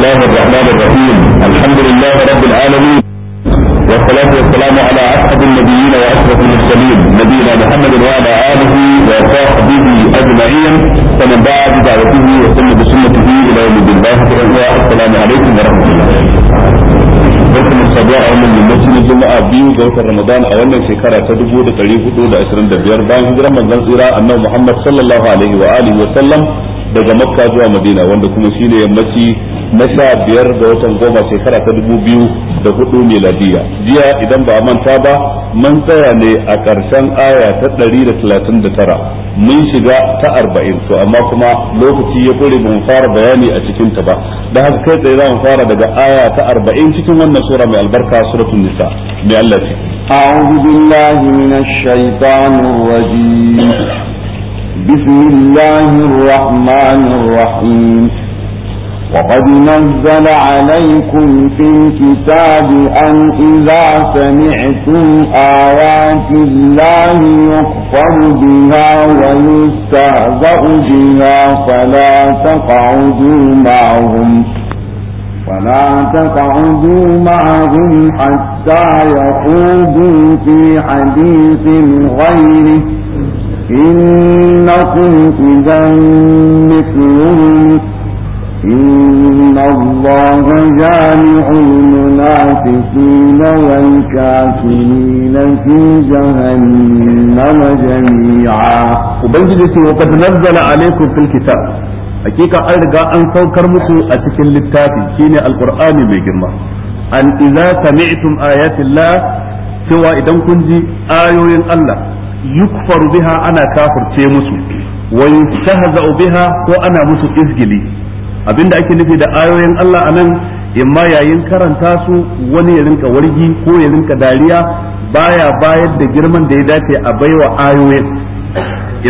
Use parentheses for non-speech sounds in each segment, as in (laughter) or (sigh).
الله الرحمن الرحيم الحمد لله رب العالمين والصلاة والسلام على أسعد النبيين وأشرف المرسلين نبينا محمد وعلى آله وصحبه أجمعين فمن دعا بدعوته وسن بسنته إلى يوم الدين السلام عليكم ورحمة الله barkan sabuwa a wannan yammacin juma'a biyu ga watan ramadan a wannan shekara ta dubu da ɗari hudu da ashirin da biyar bayan hijiran manzon tsira annabi muhammad sallallahu alaihi wa alihi wa sallam daga makka zuwa madina wanda kuma shine yammaci na sha biyar da watan goma shekara ta dubu biyu da hudu miladiya jiya idan ba manta ba mun tsaya ne a ƙarshen aya ta ɗari da talatin da tara mun shiga ta arba'in to amma kuma lokaci ya kure mun fara bayani a cikin ta ba da haka kai tsaye za mu fara daga aya ta arba'in cikin wannan sura mai albarka suratul nisa mai Allah ce أعوذ بالله من الشيطان الرجيم بسم الله الرحمن الرحيم وقد نزل عليكم في الكتاب أن إذا سمعتم آيات الله يكفر بها ويستهزأ بها فلا تقعدوا معهم فلا تقعدوا معهم حتى يخوضوا في حديث غيره إنكم إذا مثلهم إن الله جامع المنافقين والكافرين في جهنم جميعا وبنجد hakika an riga an saukar muku a cikin littafi shine alqur'ani mai girma an idza sami'tum ayatillah cewa idan kun ji ayoyin Allah yukfaru biha ana kafirce musu wa yustahza'u biha ko ana musu izgili abinda ake nufi da ayoyin Allah anan imma yayin karanta su wani ya rinka wargi ko ya rinka dariya baya bayar da girman da ya dace a baiwa ayoyin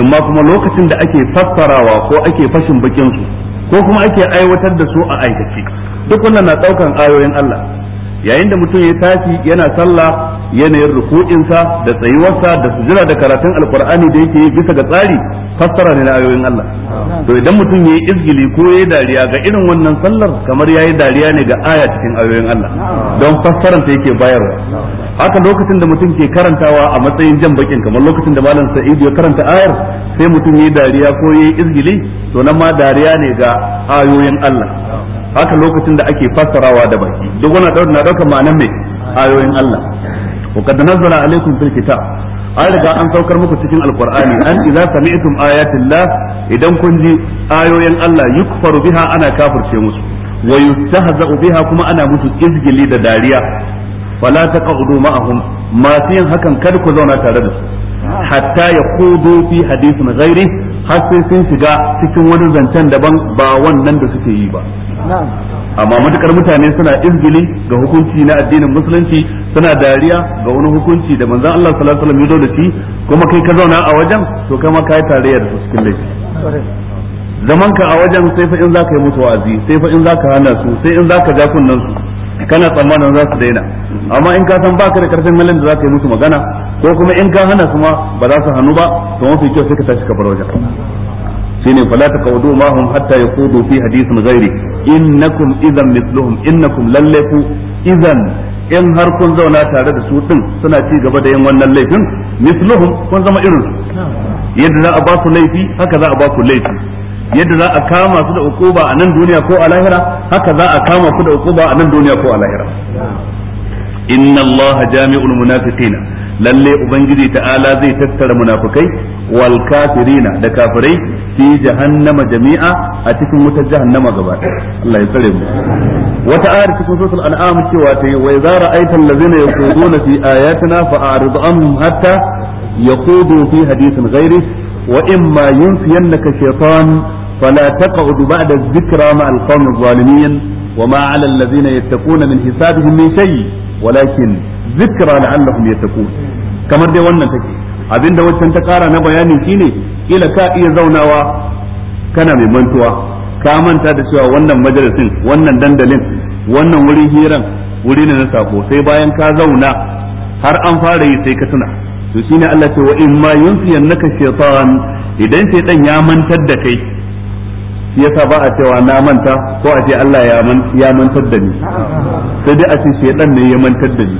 imma kuma lokacin da ake fassarawa ko ake fashin bakin su ko kuma ake aiwatar da su a aikace duk wannan na daukan ayoyin Allah yayin da mutum ya tashi yana sallah yanayin ruku'insa da tsayuwarsa da sujira da karatun alkur'ani da yake bisa ga tsari fassara ne na ayoyin Allah to idan mutum yayi izgili ko yayi dariya ga irin wannan sallar kamar yayi dariya ne ga aya cikin ayoyin Allah don fassaran ta yake bayarwa haka lokacin da mutum ke karantawa a matsayin jan bakin kamar lokacin da malam Sa'idu ya karanta ayar sai mutum yayi dariya ko yayi izgili to nan ma dariya ne ga ayoyin Allah haka lokacin da ake fassarawa da baki duk wani na daukar ma'anar mai ayoyin Allah wa qad nazzala alaykum fil kitab an riga an saukar muku cikin alqur'ani an idza sami'tum ayatillah idan kun ji ayoyin Allah yukfaru biha ana kafirce musu wa yustahza'u biha kuma ana musu izgili da dariya fala taqudu ma'ahum masu yin hakan kar ku zauna tare da su hatta yaqudu fi hadithin ghairi har sai sun shiga cikin wani zancen daban ba wannan da suke yi ba amma matukar mutane suna izgili ga hukunci na addinin musulunci suna dariya ga wani hukunci da manzon Allah sallallahu alaihi wasallam ya zo da shi kuma kai ka zauna a wajen to kai ma kai tarayya da su cikin laifi zaman ka a wajen sai fa in zaka yi musu wa'azi sai fa in zaka hana su sai in zaka ja kunnan su kana tsammanin za su daina amma in ka san baka da karfin malin da zaka yi musu magana ko kuma in ka hana su ma ba za su hannu ba to mafi kyau sai ka tashi ka bar wajen shine fala taqawdu ma hum hatta yaqudu fi hadithin ghairi innakum idan mithluhum innakum lallafu idan in har kun zauna tare da su din suna ci gaba da yin wannan laifin mithluhum kun zama irin yadda za a ba ku laifi haka za a ba ku laifi yadda za a kama su da ukuba a nan duniya ko a lahira haka za a kama su da ukuba a nan duniya ko a lahira inna allaha jami'ul munafiqina lalle ubangiji ta'ala zai tattara munafukai wal kafirina da kafirai fi jahannama jami'a a cikin wutar jahannama gaba Allah ya tsare mu wata ayar cikin suratul an'am cewa ta wa idza ra'aita allazina yaquduna fi ayatina fa'rid anhum hatta yaqudu fi hadithin ghairi wa imma yunsiyannaka shaytan فلا تقعد بعد الذكرى مع wa الظالمين وما على الذين يتقون من حسابهم من شيء ولكن zikra la'allahum yattaqun kamar dai wannan take abinda waccan ta kara na bayanin shine kila ka iya zaunawa kana mai mantuwa ka manta da cewa wannan majalisin wannan dandalin wannan wurin hiran wuri ne na sako sai bayan ka zauna har an fara yi sai ka tuna to shine Allah ce wa in ma yunsiyannaka shaytan idan shaytan ya mantar da kai shi yasa ba a cewa na manta ko a ce Allah ya mantar da ni sai dai a ce shedan ne ya mantar da ni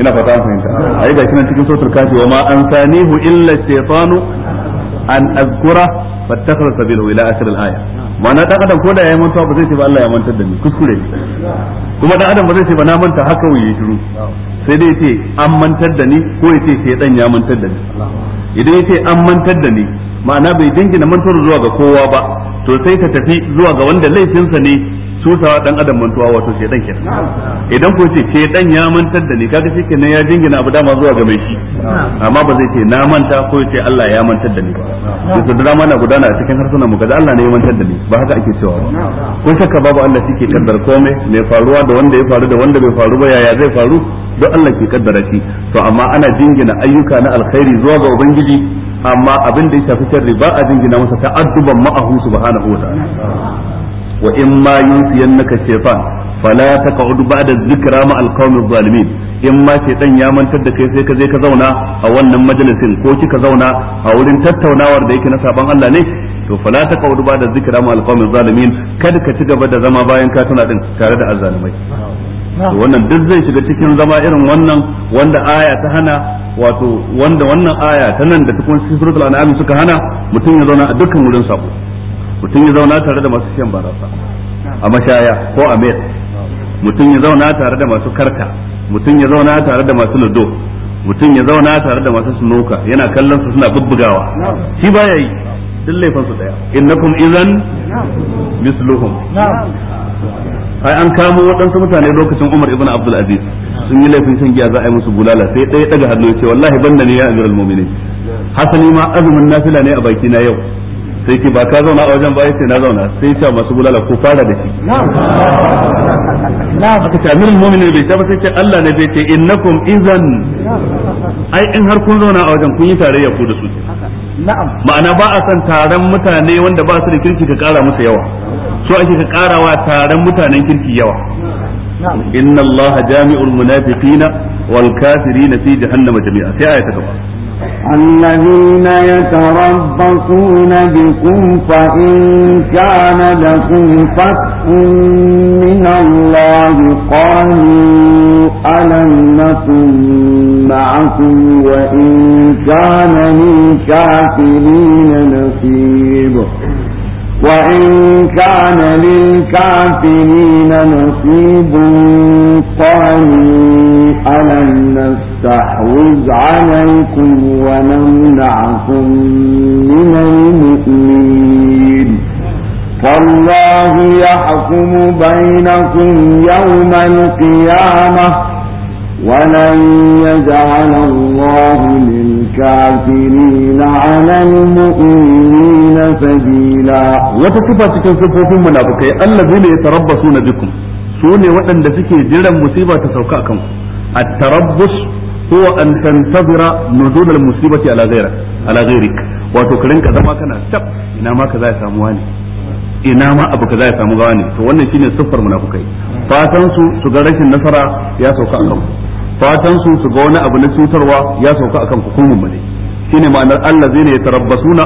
ina fata an fahimta yi ga kinan cikin sautar kafi wa ma ansanihu illa shaytanu an azkura fattakhara sabilahu ila akhir al-aya ma'ana dan adam ko da ya manta ba zai ce ba Allah ya mantar da ni kuskure kuma dan adam ba zai ce ba na manta haka wuyi shiru sai dai ce an mantar da ni ko ya ce dan ya mantar da ni idan ya ce an mantar da ni ma'ana bai dingina mantar zuwa ga kowa ba to sai ka tafi zuwa ga wanda laifinsa ne tutawa dan adam mantuwa wato dan kenan idan ko ce dan ya mantar da ni kaga shi kenan ya dingina abu dama zuwa ga mai shi amma ba zai ce na manta ko ya ce Allah ya mantar da ni ba to da dama na guda ana a cikin harsunan mu kaza Allah ne ya mantar da ni ba haka ake cewa ba ko shakka babu Allah shi ke kaddar komai mai faruwa da wanda ya faru da wanda bai faru ba yaya zai faru don Allah ke kaddara shi to amma ana jingina ayyuka na alkhairi zuwa ga ubangiji amma abin da ya shafi sharri ba a jingina masa ta'adduban ma'ahu subhanahu wa ta'ala wa in ma yusiyannaka shaytan fala taq'ud ba'da dhikra ma alqawmi zalimin in ma dan ya mantar da kai sai ka je ka zauna a wannan majalisin ko kika zauna a wurin tattaunawar da yake na saban Allah ne to fala taq'ud ba'da dhikra ma alqawmi zalimin kada ka ci gaba da zama bayan ka tuna din tare da azzalimai to wannan duk zai shiga cikin zama irin wannan wanda aya ta hana wato wanda wannan aya ta nan da tukun suratul an'am suka hana mutum ya zauna a dukkan wurin sabo mutum ya zauna tare da masu shan barasa a mashaya ko a mai mutum ya zauna tare da masu karta mutum ya zauna tare da masu lado. mutum ya zauna tare da masu sunoka yana kallon su suna bubbugawa shi baya yi duk laifin su daya innakum idan misluhum ai an kamo waɗansu mutane lokacin Umar ibn Abdul Aziz sun yi laifin shan giya za a yi musu bulala sai ɗaya daga hannu ya ce wallahi banda ne ya amiral mu'minin hasali ma azumin nafila ne a baki na yau sai ce ba ka zauna a wajen ba ce na zauna sai ce masu bulala ko fara da shi na aka ce amirul mu'minin bai ta ba sai ce Allah ne bai ce innakum izan. ai in har kun zauna a wajen kun yi tarayya ku da su ma'ana ba a san taron mutane wanda ba su da kirki ka kara musu yawa so ake ka karawa taron mutanen kirki yawa inna Allah jami'ul munafiqina wal kafirina fi jahannama jami'a sai aya ta gaba الذين يتربصون بكم فإن كان لكم فتح من الله قالوا ألم نكن معكم وإن كان للكافرين نصيب وإن كان للكافرين نصيب قالوا ألم نستحوذ عليكم ونمنعكم من المؤمنين فالله يحكم بينكم يوم القيامة ولن يجعل الله للكافرين على المؤمنين سبيلا وتصفى cikin sifofin munafikai allazina yatarabbasuna bikum sune waɗanda suke jiran musiba ta sauka akan ku a tarabbus huwa an tantazira على غيرك musibati ala ghayra ala ghayrik wato ka zama kana ina ma abu kaza ya samu gawa ne to wannan shine siffar munafikai fatan su su ga rashin nasara ya sauka akan kanku. fatan su su ga wani abu na cutarwa ya sauka akan ku kun mummune shine ma'anar Allah zai allazina suna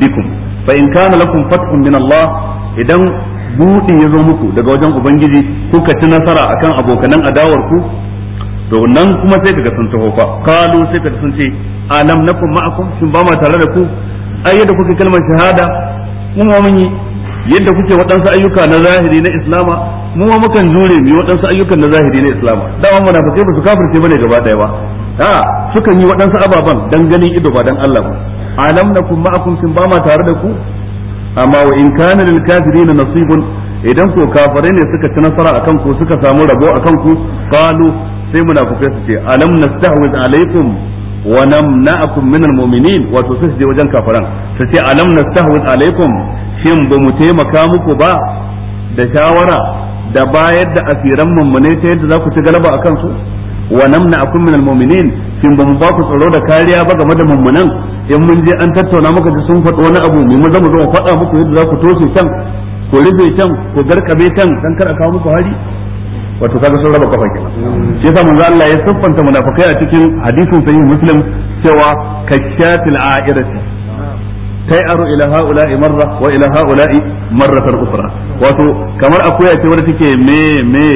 bikum fa in kana lakum fathun min Allah idan buɗe ya zo muku daga wajen ubangiji kuka ci nasara akan abokanan adawar ku to nan kuma sai kaga sun taho fa qalu sai kaga sun ce alam nakum ma'akum shin ba ma tare da ku ai da kuka kalmar shahada kuma mun yi yadda kuke waɗansu ayyuka na zahiri na islama mu ma mukan jure mu waɗansu ayyukan na zahiri na islama dama munafikai ba su kafirce bane gaba ɗaya ba a sukan yi waɗansu ababan dan ganin ido ba dan Allah ba alam nakum ma'akum sun ba ma tare da ku amma wa in kana lil kafirin nasibun idan ko kafirai ne suka ci nasara akan ku suka samu rabo akan ku qalu sai munafikai su ce alam nastahwiz alaikum wa namna'akum minal mu'minin wato sai su wajen kafaran su ce alam nastahwid alaikum shin ba mu taimaka muku ba da shawara da bayar da asiran mummune ta yadda za ku ci galaba akan su wa namna'akum minal mu'minin shin ba mu ba ku tsaro da kariya ba game da mummunan in mun je an tattauna muka ji sun faɗo wani abu mu maza mu zo faɗa muku yadda za ku toshe can ku rufe can ku garkabe can dan kar a kawo muku hari wato kaga sun raba kafa kenan shi yasa manzo Allah ya siffanta munafikai a cikin hadisin sahih muslim cewa kakkatil a'irati tai'aru ila haula'i marra wa ila haula'i marratan ukhra wato kamar akuya ce wadda take me me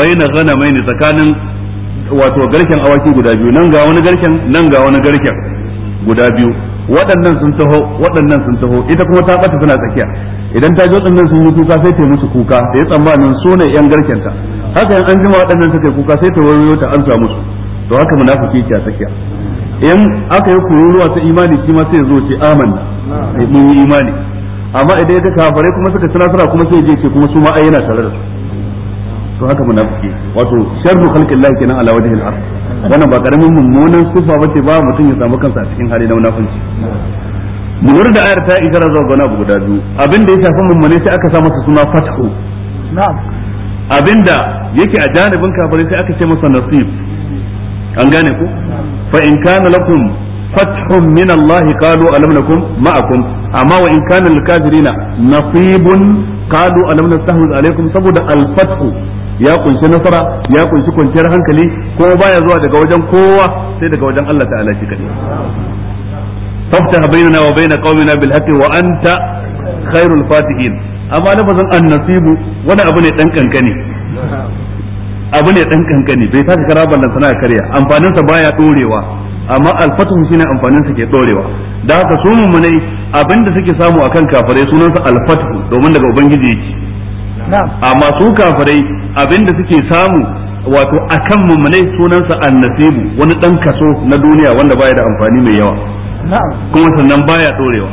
baina ghanamaini tsakanin wato garken awaki guda biyu nan ga wani garken nan ga wani garken guda biyu waɗannan sun taho waɗannan sun taho ita kuma ta ɓata tana tsakiya idan ta ji waɗannan sun yi kuka sai ta musu kuka da ya tsammanin su ne yan garkenta haka in an jima waɗannan suka kuka sai ta wayo ta amsa musu to haka munafiki yake a tsakiya in aka yi kururuwa ta imani shi ma sai ya zo ce amanna eh, mun yi imani amma idan ya kafare kuma suka ci nasara kuma sai je ce kuma su ma ai yana tare da su to haka munafiki wato sharru khalqillahi kenan ala al ard wannan ba karamin mummunan sifa bace ba mutum ya samu kansa a cikin hali na munafiki mu da ayar ta igara zuwa gona guda biyu abin da ya shafi mummune sai aka sa masa suna fatahu na'am abinda yake a janibin kafirai sai aka ce masa nasib an gane ku fa in kana lakum fathun min Allah qalu alam nakum ma'akum amma wa in kana lil nasibun qalu alam nastahwiz alaikum saboda al ya kunshi nasara ya kunshi kwanciyar hankali ko baya zuwa daga wajen kowa sai daga wajen Allah ta'ala shi kadai fafta bainana wa bain qaumina bil haqqi wa anta khairul fatihin amma lafazin annasibu wani abu ne dan kankane abu ne dan kankane bai saka kara ballan sana karya amfanin sa baya dorewa amma shi shine amfanin sa ke dorewa da haka su munai abinda suke samu akan kafirai sunansa alfatu domin daga ubangiji yake amma su kafirai abinda suke samu wato akan mummunai sunansa annasibu wani dan kaso na duniya wanda baya da amfani mai yawa kuma sannan baya dorewa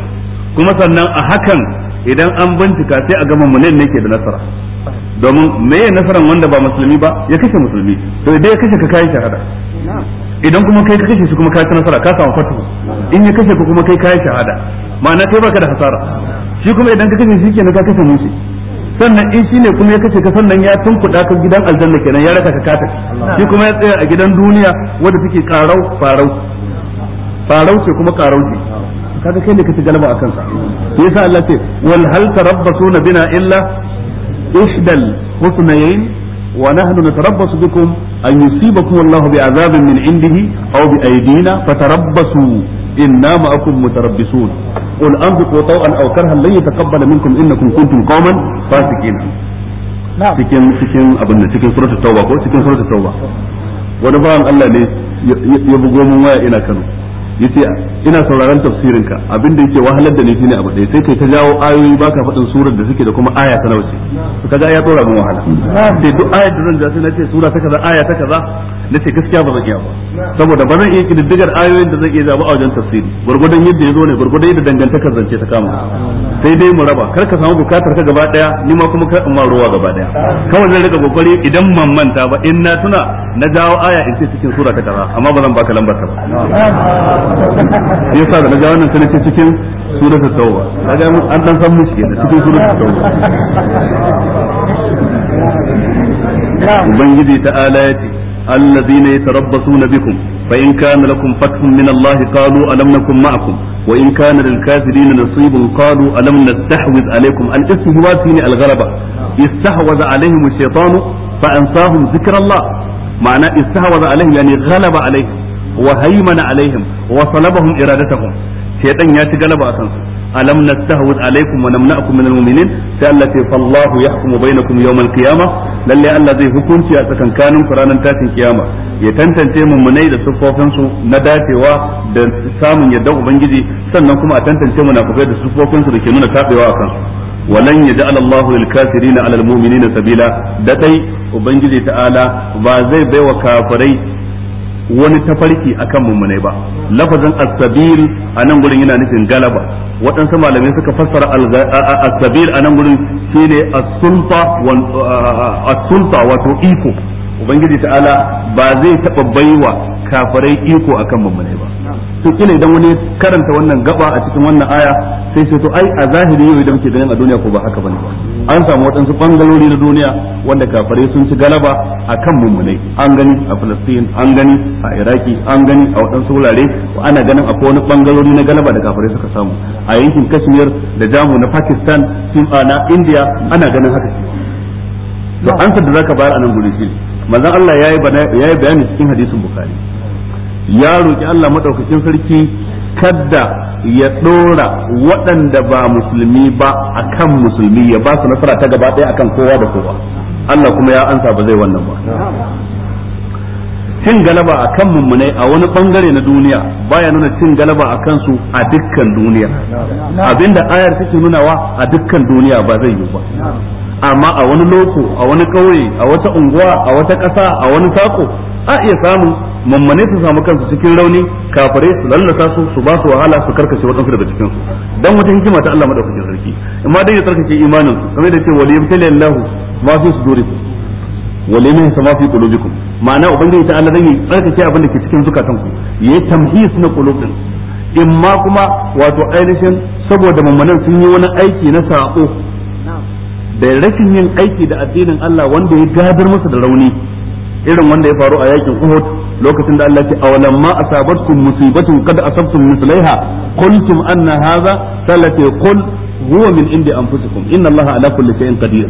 kuma sannan a hakan idan an bincika sai a gama munen ne ke da nasara domin me ya nasaran wanda ba musulmi ba ya kashe musulmi to idan ya kashe ka kai shahada idan kuma kai ka kashe shi kuma kai ta nasara ka samu fatu in ya kashe ka kuma kai kai shahada ma'ana kai baka da hasara shi kuma idan ka kashe shi kenan ka kashe musu sannan in shi ne kuma ya kashe ka sannan ya tunkuɗa ka gidan aljanna kenan ya raka ka kata shi kuma ya tsaya a gidan duniya wadda take karau farau farau ce kuma karau ce kaga kai ne kace galaba a kansa yasa Allah ce wal hal tarabbasuna bina illa ihdal husnayn wa nahnu natarabbasu bikum an yusibakum Allah bi bi'azabin min indihi aw bi aydina fatarabbasu inna ma'akum mutarabbisun qul anfiqu taw'an aw karhan lan yataqabbala minkum innakum kuntum qauman fasiqin cikin cikin abin da cikin suratul tauba ko cikin suratul tauba wani bawan Allah ne ya bugo mun waya ina Kano yace ina sauraron tafsirin ka abin da yake wahalar da ni shine abu dai sai kai ta jawo ayoyi baka faɗin surar da suke da kuma aya ta nauce kaga ya tsora min wahala sai duk ayar da zan ja sai na ce sura ta kaza aya ta kaza na ce gaskiya ba zan iya ba saboda ba zan iya kididdigar ayoyin da zan iya zaba a wajen tafsiri gwargwadon yadda ya zo ne gwargwadon yadda dangantakar zance ta kama sai dai mu raba kar ka samu bukatar ka gaba daya ni ma kuma kar in ma ruwa gaba daya kawai zan rika kokari idan man manta ba in na tuna na jawo aya in ce cikin sura ta kaza amma ba zan baka lambar ta ba yasa da na jawo nan sai cikin surat at-tauba kaga an dan san mushi kenan cikin sura ta tauba ubangiji ta'ala ya ce الذين يتربصون بكم فإن كان لكم فتح من الله قالوا ألم نكن معكم وإن كان للكافرين نصيب قالوا ألم نستحوذ عليكم الاستهواء فيني الغلبة استحوذ عليهم الشيطان فأنساهم ذكر الله معنى استحوذ عليهم يعني غلب عليهم وهيمن عليهم وصلبهم إرادتهم شيطان ياتي غلب أسنسهم alam nastahwid alaikum wa namna'akum minal mu'minin sai Allah ce fallahu yahkumu bainakum yawmal kiyama lalle Allah zai hukunci a tsakankanin ku ranar tashin kiyama ya tantance munai da sufofin su na dacewa da samun yadda ubangiji sannan kuma a tantance munafikai da sufofin su da ke nuna tabewa a kansu walan yaj'al Allahu na kafirina 'alal mu'minina sabila da dai ubangiji ta'ala ba zai baiwa kafirai wani tafarki akan mummunai ba lafazin as-sabil anan gurin yana nufin galaba waɗansu malamai suka fassara as-sabil anan gurin shine as-sulta as-sulta wato iko ubangiji ta'ala ba zai taɓa baiwa kafirai iko akan mummunai ba to kina idan wani karanta wannan gaba a cikin wannan aya sai sai to ai a zahiri yau idan muke ganin a duniya ko ba haka bane an samu waɗansu bangalori na duniya wanda kafare sun ci galaba a kan mummunai an gani a Filistin, an gani a Iraki an gani a waɗansu wurare ana ganin akwai wani bangalori na galaba da kafare suka samu a yankin Kashmir da Jamu na Pakistan sun na India ana ganin haka to san da zaka bayar a nan gurin shi manzon Allah yayi bayani cikin hadisin Bukhari ya roki Allah madaukakin sarki kadda ya ɗora waɗanda ba musulmi ba akan musulmi ya ba su nasara ta gaba ɗaya akan kowa da kowa Allah kuma ya ansa ba zai wannan ba cin galaba akan kan mummunai a wani bangare na duniya baya nuna cin galaba a kansu a dukkan duniya abinda ayar take nunawa a dukkan duniya ba zai yi ba amma a wani loko a wani kauye a wata unguwa a wata kasa a wani sako a iya samu mammane su samu kansu cikin rauni kafare su lallasa su su ba su wahala su karkace waɗansu daga cikin su dan wata hikima ta Allah madaukakin sarki amma dai ya tsarkake imanin su kamar da ce waliyam talallahu ma fi sudurikum wali min sama fi qulubikum ma'ana ubangiji ta Allah zai yi tsarkake abin da ke cikin zukatan ku yayi tamhis na qulubin din imma kuma wato ainihin saboda mummunan sun yi wani aiki na sako da rashin yin aiki da addinin Allah wanda ya gadar masa da rauni irin wanda ya faru a yakin Uhud lokacin da Allah ya ce awalam ma asabatkum musibatun qad asabtum mislaiha qultum anna hadha salate qul huwa min indi anfusikum inna Allah ala kulli shay'in qadir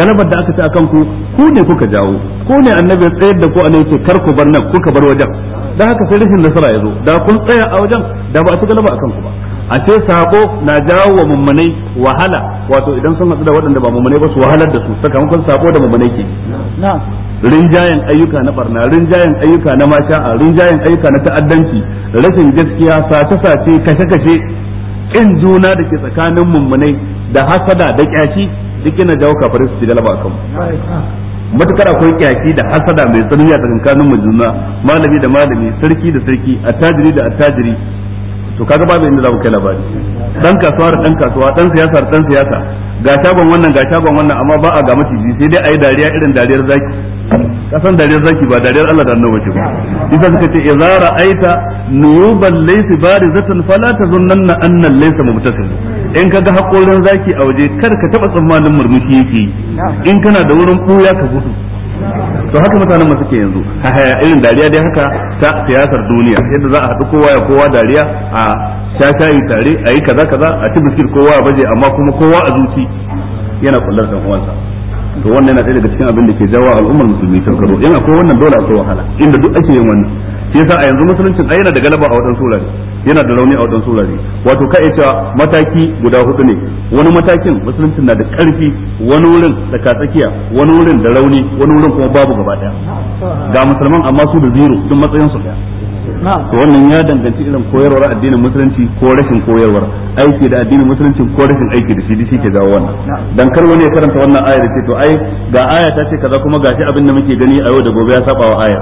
galabar da aka ci akan ku ku ne kuka jawo ku ne annabi ya tsayar da ku a ce kar ku bar nan kuka bar wajen da haka sai rashin nasara ya zo da kun tsaya a wajen da ba a ci galaba akan ku ba a ce sako na jawo wa mummunai wahala wato idan sun hatsu da waɗanda ba mummunai ba su wahalar da su sakamakon sako da mummunai ke rinjayen ayyuka na barna rinjayen ayyuka na a rinjayen ayyuka na ta'addanci rashin gaskiya sace-sace kashe-kashe in juna da ke tsakanin mummunai da hasada da kyashi duk yana jawo kafirai su ci galaba kanmu matukar akwai kyaki da hasada mai tsanani a tsakanin mu juna malami da malami sarki da sarki attajiri da attajiri to kaga babu inda za ku kai labari dan kasuwa da dan kasuwa dan siyasa da dan siyasa ga shagon wannan ga shagon wannan amma ba a ga maciji sai dai ayi dariya irin dariyar zaki kasan dariyar zaki ba dariyar Allah da annabi ce ba idan suka ce idza ra'aita nuban laysa barizatan fala tazunnanna anna laysa mubtasim in kaga hakorin zaki a waje kar ka taba tsammanin murmushi yake in kana da wurin buya ka gudu to haka mutanen masu ke yanzu haya irin dariya dai haka ta siyasar duniya yadda za a haɗu kowa ya kowa dariya a sha shayi tare a yi kaza kaza a ci biskit kowa ya baje amma kuma kowa a zuci yana kullar dan uwansa to wannan yana ɗaya daga cikin abin da ke jawo al'ummar musulmi ta karo yana ko wannan dole akwai wahala inda duk ake yin wannan shi yasa a yanzu musulunci ai yana da galaba a wadan surare yana da rauni a wadan surare wato ka ita mataki guda hudu ne wani matakin musuluncin na da karfi wani wurin da ka tsakiya wani wurin da rauni wani wurin kuma babu gaba daya ga musulman amma su da zero duk matsayin su daya to wannan ya danganci irin koyarwar addinin musulunci ko rashin koyarwar aiki da addinin musulunci ko rashin aiki da shi shi ke jawo wannan dan kar wani ya karanta wannan aya da ce to ai ga aya ta ce kaza kuma gashi abin da muke gani a yau da gobe ya saba wa aya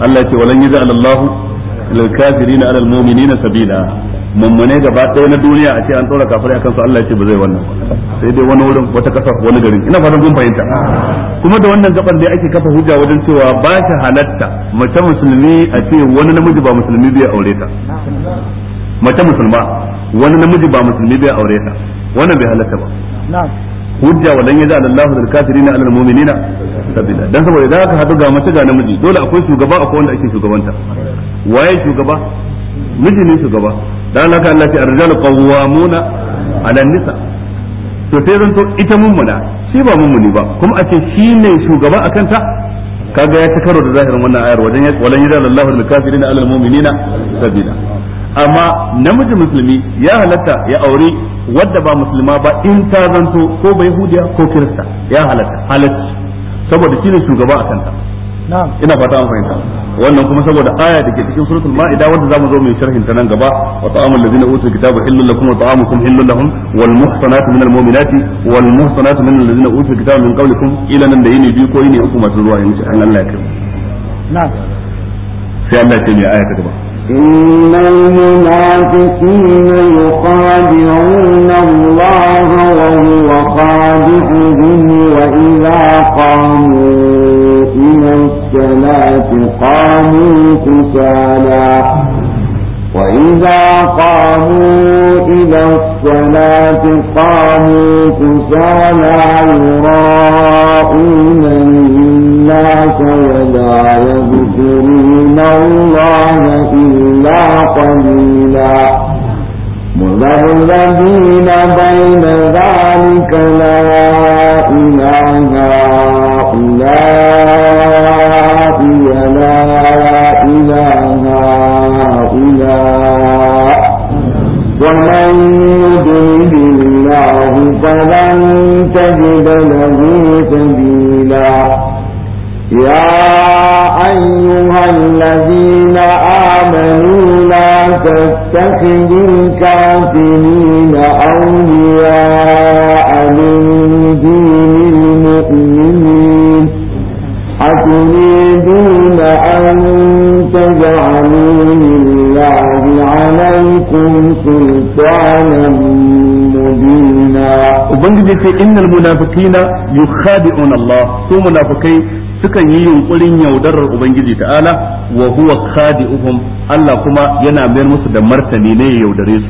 Allah ya ce walan Allahu lil kafirina alal mu'minina sabila mummune gaba ɗaya na duniya a ce an tsora kafirai akan su Allah ya ce ba zai wannan sai dai wani wurin wata kasar wani garin ina fatan kun fahimta kuma da wannan gaban dai ake kafa hujja wajen cewa ba ta halatta mace musulmi a ce wani namiji ba musulmi bai aure ta mace musulma wani namiji ba musulmi bai aure ta wannan bai halatta ba hujja walan yaj'al Allahu lil kafirina 'ala al mu'minina sabila dan saboda idan aka hadu ga mace ga namiji dole akwai shugaba akwai wanda ake shugabanta waye shugaba miji ne shugaba dan haka Allah ya arjalu qawwamuna 'ala nisa to sai zan to ita mummuna shi ba mummuni ba kuma a ce shi ne shugaba akan ta kaga ya ta karo da zahirin wannan ayar wajen walan yaj'al Allahu lil kafirina 'ala al mu'minina sabila amma namiji musulmi ya halatta ya aure wadda ba musulma ba in ta zanto ko bai hudiya ko kirista ya halatta halatta saboda shine shugaba a kanta ina fata an fahimta wannan kuma saboda aya da ke cikin suratul ma'ida wanda zamu zo mai sharhin ta nan gaba wa ta'amul ladina utul kitaba illal lakum wa ta'amukum lahum wal muhsanatu minal mu'minati wal muhsanatu minal ladina utul kitaba min qablikum ila nan da yini biyu ko yini uku masu zuwa in Allah ya kai na'am sai Allah ya ce mai aya ta gaba إن المنافقين يخادعون الله وهو خادعهم وإذا قاموا إلى الصلاة قاموا كسالا وإذا قاموا إلى الصلاة قاموا كسالى يراءون الناس ولا يذكرون الله إلا قليلا مذبذبين بين ذلك لا إله إلا munafiqina yukhadi'una Allah su munafikai sukan yi yunkurin yaudarar ubangiji ta'ala wa huwa khadi'uhum Allah kuma yana mayar musu da martani ne ya yaudare su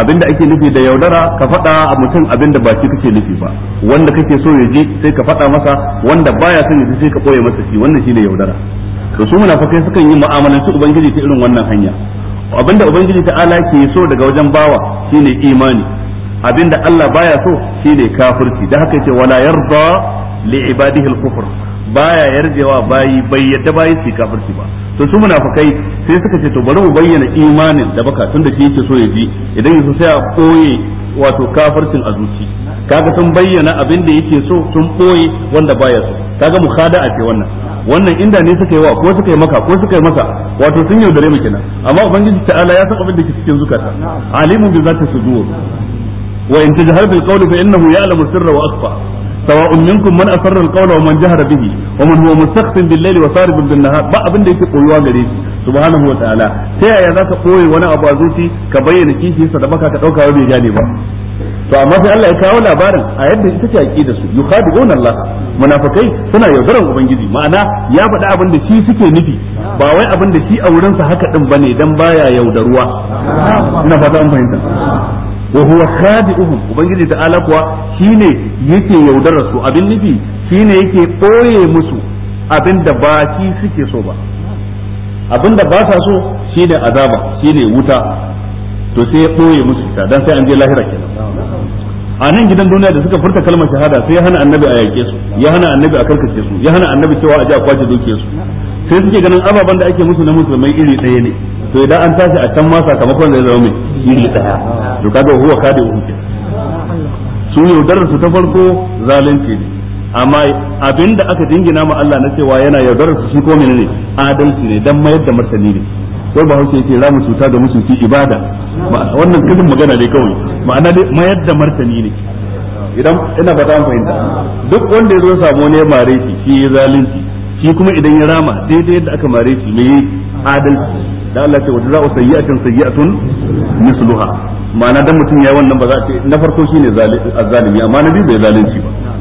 abinda ake nufi da yaudara ka faɗa a mutum abinda ba shi kake nufi ba wanda kake so ya ji sai ka faɗa masa wanda baya son ya ji sai ka ɓoye masa shi wannan shine yaudara to su munafikai sukan yi mu'amalanci ubangiji ta irin wannan hanya abinda ubangiji ta'ala ke so daga wajen bawa shine imani Abin da Allah baya so shine kafirci da haka yace wala yarda li ibadihi al-kufr baya yarjewa bayi bai yadda bayi su kafirci ba to su munafikai sai suka ce to bari mu bayyana imanin da baka tun da shi yake so ya ji idan yaso sai a koye wato kafircin a zuci kaga sun bayyana abin da yake so sun koye wanda baya so kaga a ce wannan wannan inda ne suka yi wa ko suka yi maka ko suka yi maka wato sun yaudare mu kenan amma ubangiji ta'ala ya san abin da ke cikin zukata alimu bi zati sudur wa in tajhar bil qawli fa innahu ya'lamu sirra wa akhfa سواء منكم من أسر القول ومن جهر به ومن هو مستخف بالليل وسارب بالنهار ba abin da yake koyuwa gare Su subhanahu wa ta'ala ta yaya zaka koye wani abu a zuci ka bayyana kishi sa da baka ka dauka wani gane ba to amma sai Allah ya kawo labarin a yadda ita ce aqida su yukhadi'una Allah munafikai suna yaudaran ubangiji ma'ana ya faɗa abin da shi suke nufi ba wai abin da shi a wurin sa haka ba bane dan baya yaudaruwa ina an fahimta wa huwa khadi'uhum ubangiji ta'ala kuwa shine yake yaudarar su abin nufi shine yake koye musu abin da ba shi suke so ba abin da ba ta so shine azaba shine wuta to sai ya koye musu ta dan sai an je lahira kenan a nan gidan duniya da suka furta kalmar shahada sai ya hana annabi a yake su ya hana annabi a karkace su ya hana annabi cewa a ji a kwace doke su sai suke ganin ababen da ake musu na musulmai iri ɗaya ne to idan an tashi a can ma sakamakon zai zama mai iri daya to kaga huwa kada hu su yaudarar su ta farko zalunci ne amma abinda aka jingina ma Allah na cewa yana yaudarar su shi ko menene adalci ne dan mayar da martani ne sai ba hauke yake ramu cuta da ci ibada wannan kudin magana ne kawai ma'ana dai mayar da martani ne idan ina fata an fahimta duk wanda ya zo samu ne mare shi shi ya zalunci shi kuma idan ya rama daidai yadda aka mare shi mai adalci da Allah ce wajza'u sayyi'atin sayyi'atun misluha ma'ana dan mutum yayi wannan ba za ce na farko shine zalimi amma na biyu bai zalunci ba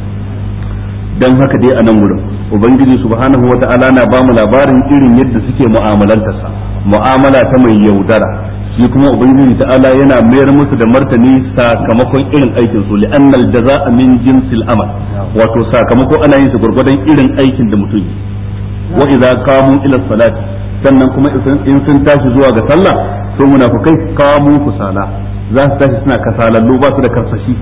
dan haka dai a nan gurin ubangiji subhanahu wata'ala na ba mu labarin irin yadda suke mu'amalanta sa mu'amala ta mai yaudara shi kuma ubangiji ta'ala yana mayar musu da martani sakamakon irin aikin su li'annal jaza'a min jinsil amal wato sakamako ana yin su gurgurdan irin aikin da mutum wa idza qamu ila salati sannan kuma in sun tashi zuwa ga sallah to munafukai kamu kusala za su tashi suna kasalallu ba su da karsashi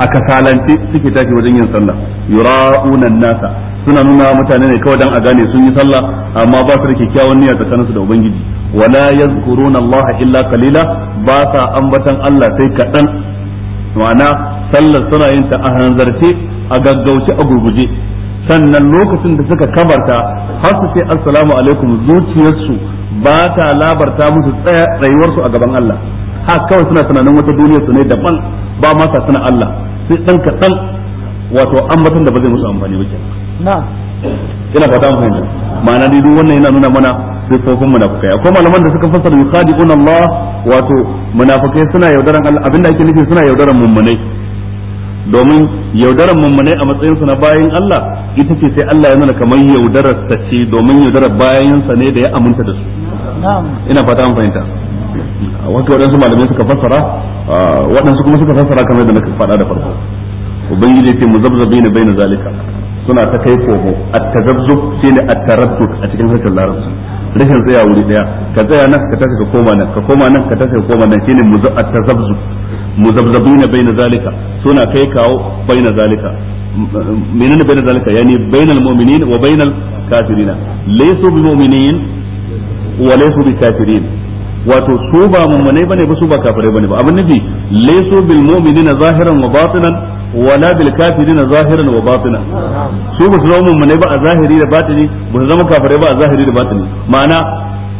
a kasalance suke tashi wajen yin sallah yura'unan nasa suna nuna mutane ne kawai dan a gane sun yi sallah amma ba su da kyakkyawan niyya tsakaninsu da ubangiji wala yazkuruna Allah illa qalila ba sa ambatan Allah sai kadan ma'ana sallar suna yin ta a hanzarce a gaggauce a gurguje sannan lokacin da suka kabarta har su ce assalamu alaikum zuciyarsu ba ta labarta musu tsayuwarsu a gaban Allah ha kawai suna tunanin wata duniya su ne daban ba ma sa suna Allah sai dan dan wato ambaton da ba zai musu amfani ba kenan na ina fata mu fahimta ma'ana dai duk wannan yana nuna mana sifofin munafukai akwai malaman da suka fassara yukhadi'un Allah wato munafukai suna yaudaran Allah abinda ake nufi suna yaudaran mummunai domin yaudarar mummunai a matsayinsu na bayan Allah ita ce sai Allah ya nuna kamar yaudarar ta ce domin yaudarar bayansa ne da ya aminta da su ina fata an fahimta wato waɗansu malamai suka fassara waɗansu kuma suka fassara kamar da na faɗa da farko ubangiji ce muzabzabi na bayna zalika suna ta kai a tazabzub shi ne a taraddud a cikin harkar larabci rashin tsaya wuri daya ka tsaya nan ka tafi ka koma nan ka koma nan ka tafi ka koma nan shine at muzabzabin muzabzabina bayna zalika suna kai kawo bayna zalika menene bayna zalika yani bainal mu'minin wa bainal kafirina laysu bi mu'minin wa laysu bi kafirin wato su ba mummunai bane ba su ba kafirai bane ba abin nufi laysu bil mu'minina zahiran wa batinan wala bil kafirina zahiran wa batina su ba su zama mummune ba a zahiri da batini ba su zama kafare ba a zahiri da batini ma'ana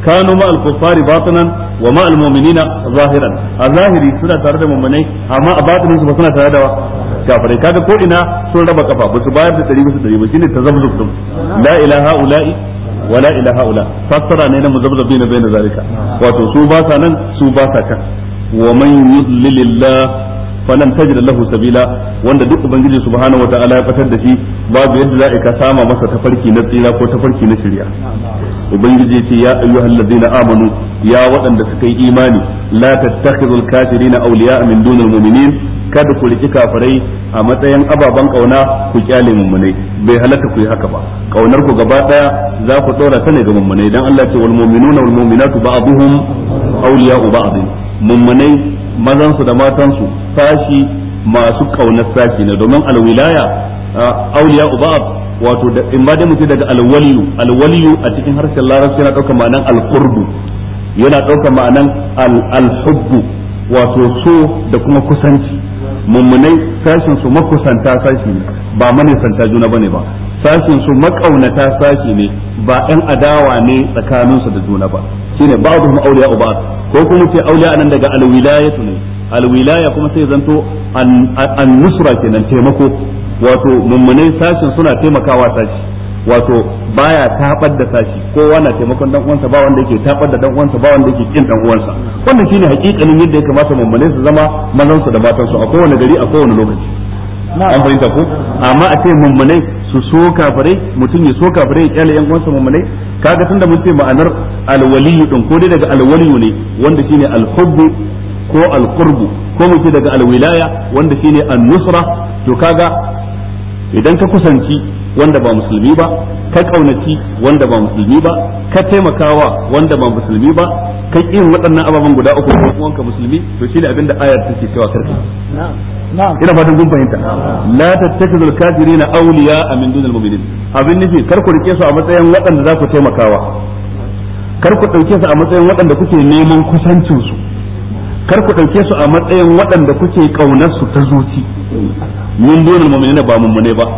kanu ma al kuffari batinan wa ma al mu'minina zahiran a zahiri suna tare da mummune amma a batinin su ba suna tare da kafare? kaga ko ina sun raba kafa ba su bayar da dari bisa dari ba shine tazabzub dum la ilaha ula'i wala ilaha ula fassara ne na muzabzabina bayna zalika wato su ba sa nan su ba sa kan wa man yudlilillah falan tajid lahu sabila wanda duk ubangiji subhanahu wataala ya fatar da shi babu yadda za ka sama masa tafarki na tsira ko tafarki na shirya ubangiji ya ce ya ayyuhallazina amanu ya waɗanda suka yi imani la tattakhidul kafirina awliya'a min dunil mu'minin kada ku riki kafirai a matsayin ababen kauna ku kyale mummunai bai halatta ku yi haka ba kaunar ku gaba daya za ku dora ta ne ga mummunai dan Allah ce wal mu'minuna wal mu'minatu ba'dhum awliya'u ba'd mummunai mazansu da matansu su sashi masu ƙaunar sashi ne domin alwilaya auliya ubab wato da in ba dai mutum daga alwaliyu alwaliyu a cikin harshen larabci yana ɗaukar ma'anan alqurbu yana ɗaukar ma'anan al wato so da kuma kusanci mummunai sashin su makusanta sashi ne ba manisanta juna bane ba sashin su makaunata sashi ne ba ɗan adawa ne tsakanin su da juna ba shine ba'dhum auliya uba ko kuma ce auliya nan daga alwilaya ne alwilaya kuma sai zanto an nusra kenan taimako wato mummunai sashin suna taimakawa sashi wato baya tabar da sashi kowa na taimakon dan uwansa ba wanda yake tabar da dan uwansa ba wanda yake kin dan uwansa wannan shine hakikanin yadda ya kamata mummune su zama mazan su da matan su a kowane gari a kowane lokaci an fahimta ko amma a ce mummune su so kafirai mutum ya so kafirai ya kyale yan uwansa mummune kaga tunda mun ce ma'anar alwaliyu din ko dai daga alwaliyu ne wanda shine alhubbu ko alqurbu ko mu ce daga alwilaya wanda shine an-nusra to kaga idan ka kusanci wanda ba musulmi ba ka kaunaci wanda ba musulmi ba ka taimakawa wanda ba musulmi ba ka kin waɗannan ababen guda uku ko ka musulmi to shine abin da ayar take cewa karka ina fatan kun fahimta la tattakhidhu al-kafirina awliya min dunil mu'minin abin nufi kar ku rike su a matsayin waɗanda za ku taimakawa kar ku dauke su a matsayin waɗanda kuke neman kusancin su kar ku ɗauke su a matsayin waɗanda kuke ƙaunar su ta zuci mun dole mu'minina ba mummune ba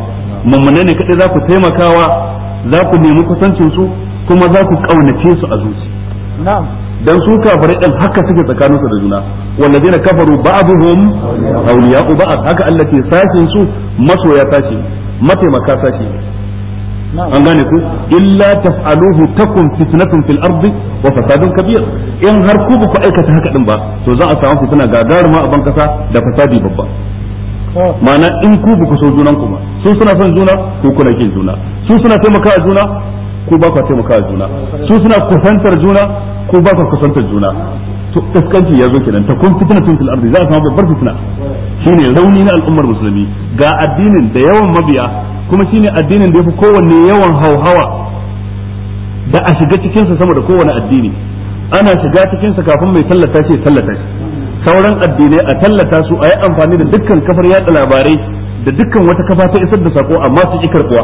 mummune ne kadai za ku taimakawa za ku nemi kusancin su kuma za ku kaunace su a zuci dan su kafirai din haka suke tsakaninsu da juna wallazina kafaru ba'dhum awliya'u ba'd haka Allah ke sashin su masoya sashi mataimaka sashi an gane ku illa taf'aluhu takun fitnatun fil ardi wa fasadun kabir in har ku ba ku aikata haka din ba to za a samu fitina gagaruma a ban kasa da fasadi babba ma'ana in ku ba ku so junan ku ba su suna son juna ku kuna kin juna su suna taimakawa juna ku ba ku taimakawa juna su suna kusantar juna ku ba ku kusantar juna to kaskanci ya zo kenan ta kun fitina fil ardi za a samu babbar fitina shine rauni na al'ummar musulmi ga addinin da yawan mabiya kuma shine addinin da yafi kowanne yawan hauhawa da a shiga cikinsa sama da kowanne addini ana shiga cikinsa kafin mai tallata shi tallata shi sauran addinai a tallata su a yi amfani da dukkan kafar yada labarai da dukkan wata kafa ta isar da sako amma su ki karbuwa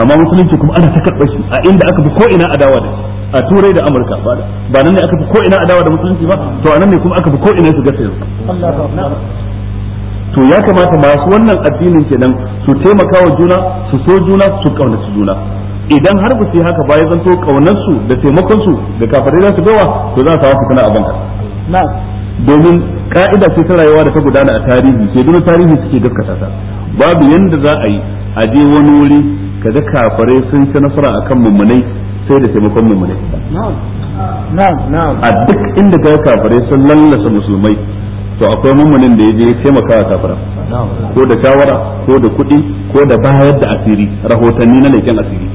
amma musulunci kuma ana ta karɓar shi a inda aka fi ko'ina a adawa da a turai da amurka ba nan ne aka fi ko'ina a adawa da musulunci ba to a nan ne kuma aka fi ko'ina su gasa yanzu to ya kamata masu wannan addinin kenan su taimaka wa juna su so juna su kaunaci juna idan har ba su yi haka ba ya zanto kaunar da taimakonsu da kafarai za su bawa to za su hawa fitina a banka domin ka'ida ce ta rayuwa da ta gudana a tarihi ke dole tarihi suke gaskata ta babu yadda za a yi a je wani wuri kaga kafare sun ci nasara akan mummunai sai da taimakon mummunai a duk inda ga kafare sun lallasa musulmai to akwai mummunin da ya je taimaka wa kafara ko da shawara ko da kuɗi ko da bayar da asiri rahotanni na laifin asiri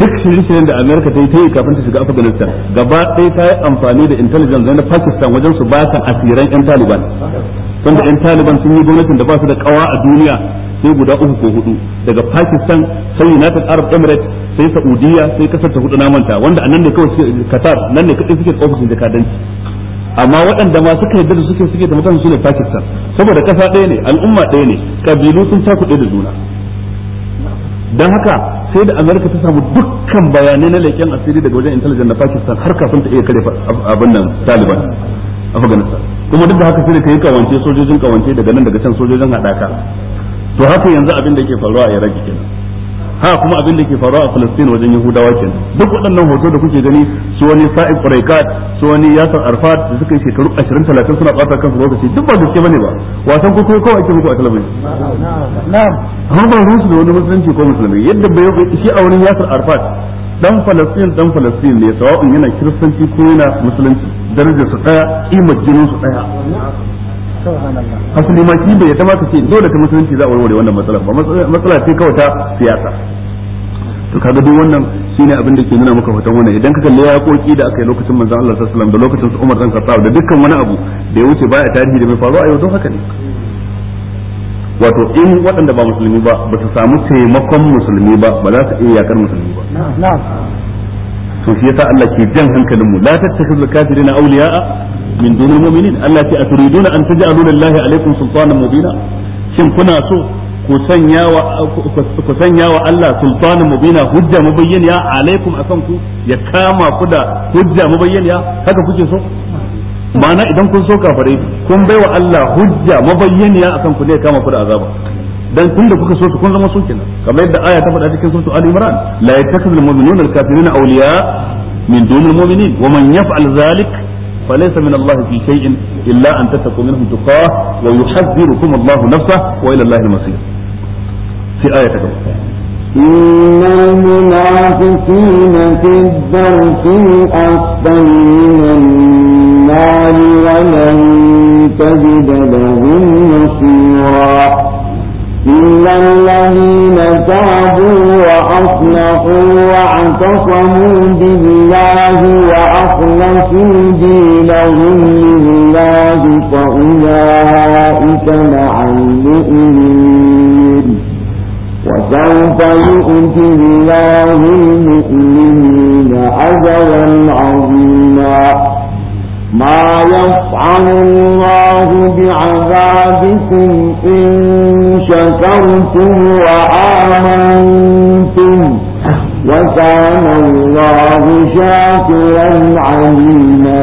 duk shirye-shiryen da Amerika ta yi ta yi kafin ta shiga Afghanistan gaba ɗaya ta yi amfani da intelligence na Pakistan wajen su ba ta asiran 'yan Taliban da 'yan Taliban sun yi gwamnatin da ba su da kawa a duniya sai guda uku ko hudu daga Pakistan sai United Arab Emirates sai Saudiya sai kasar ta hudu namanta wanda a nan ne kawai Qatar nan ne kaɗai suke ofishin jakadanci amma waɗanda ma suka yadda da suke suke da mutane su ne Pakistan saboda kasa ɗaya ne al'umma ɗaya ne kabilu sun takuɗe da juna don haka sai da amerika ta samu dukkan bayanai na leken asiri daga wajen intelligence na Pakistan har kafin ta iya kare abin nan Taliban Afghanistan kuma duk da haka sai da yi kawance sojojin kawance daga nan daga can sojojin haɗaka to haka yanzu abin da ke faruwa a iraki kenan ha kuma abin da ke faruwa a Palestine wajen Yahudawa ke duk waɗannan hoto da kuke gani su wani sa'id Quraikat su wani Yasir Arfat da suka yi shekaru 20 30 suna ɓata kansu lokaci duk ba gaske bane ba wasan ku kuma kawai ake muku a talabijin na'am naam ba ruwan da wani musulunci ko musulmi yadda bai shi a wurin Yasir Arfat dan Palestine dan Palestine ne sawa'un yana kiristanci ko yana musulunci darajar su daya imar jinin su daya asali ma shi bai yadda ce dole ta musulunci za a warware wannan matsala ba matsala ce kawai ta siyasa to kaga duk wannan shine abin da ke nuna maka hoton wannan idan ka kalli koki da aka yi lokacin manzon Allah sallallahu alaihi wasallam da lokacin Umar dan Khattab da dukkan wani abu da ya wuce baya tarihi da bai faru a yau don haka ne wato in waɗanda ba musulmi ba ba su samu taimakon musulmi ba ba za su iya yakar musulmi ba to shi yasa Allah ke jan hankalin mu la tattakhidul kafirina awliya'a min dunil mu'minin Allah ce aturiduna an taj'aluna lillahi alaykum sultanan mubina shin kuna so ku sanya wa ku sanya wa Allah sultanan mubina hujja mubayyana alaikum akan ku ya kama ku da hujja mubayyana haka kuke so ma'ana idan kun so kafare kun baiwa Allah hujja mabayyaniya akan ku ne kama ku da azaba dan tun da kuka so su kun zama su kenan kamar yadda aya ta faɗa cikin suratul ali imran la yattakhidul almu'minuna alkafirina awliya min dunil mu'minin wa man yaf'al dhalik فليس من الله في شيء إلا أن تتقوا منهم تقاه ويحذركم الله نفسه وإلى الله المصير في آية كبيرة. إن المنافقين في الدرك الأسفل من النار ولن تجد لهم نصيرا إلا الذين تابوا وأصلحوا واعتصموا بالله وأخلصوا دينهم لله فأولئك مع المؤمنين وسوف يؤتي الله المؤمنين أجرا عظيما ما يفعل الله بعذابكم إن شكرتم وآمنتم وكان الله شاكرا عليما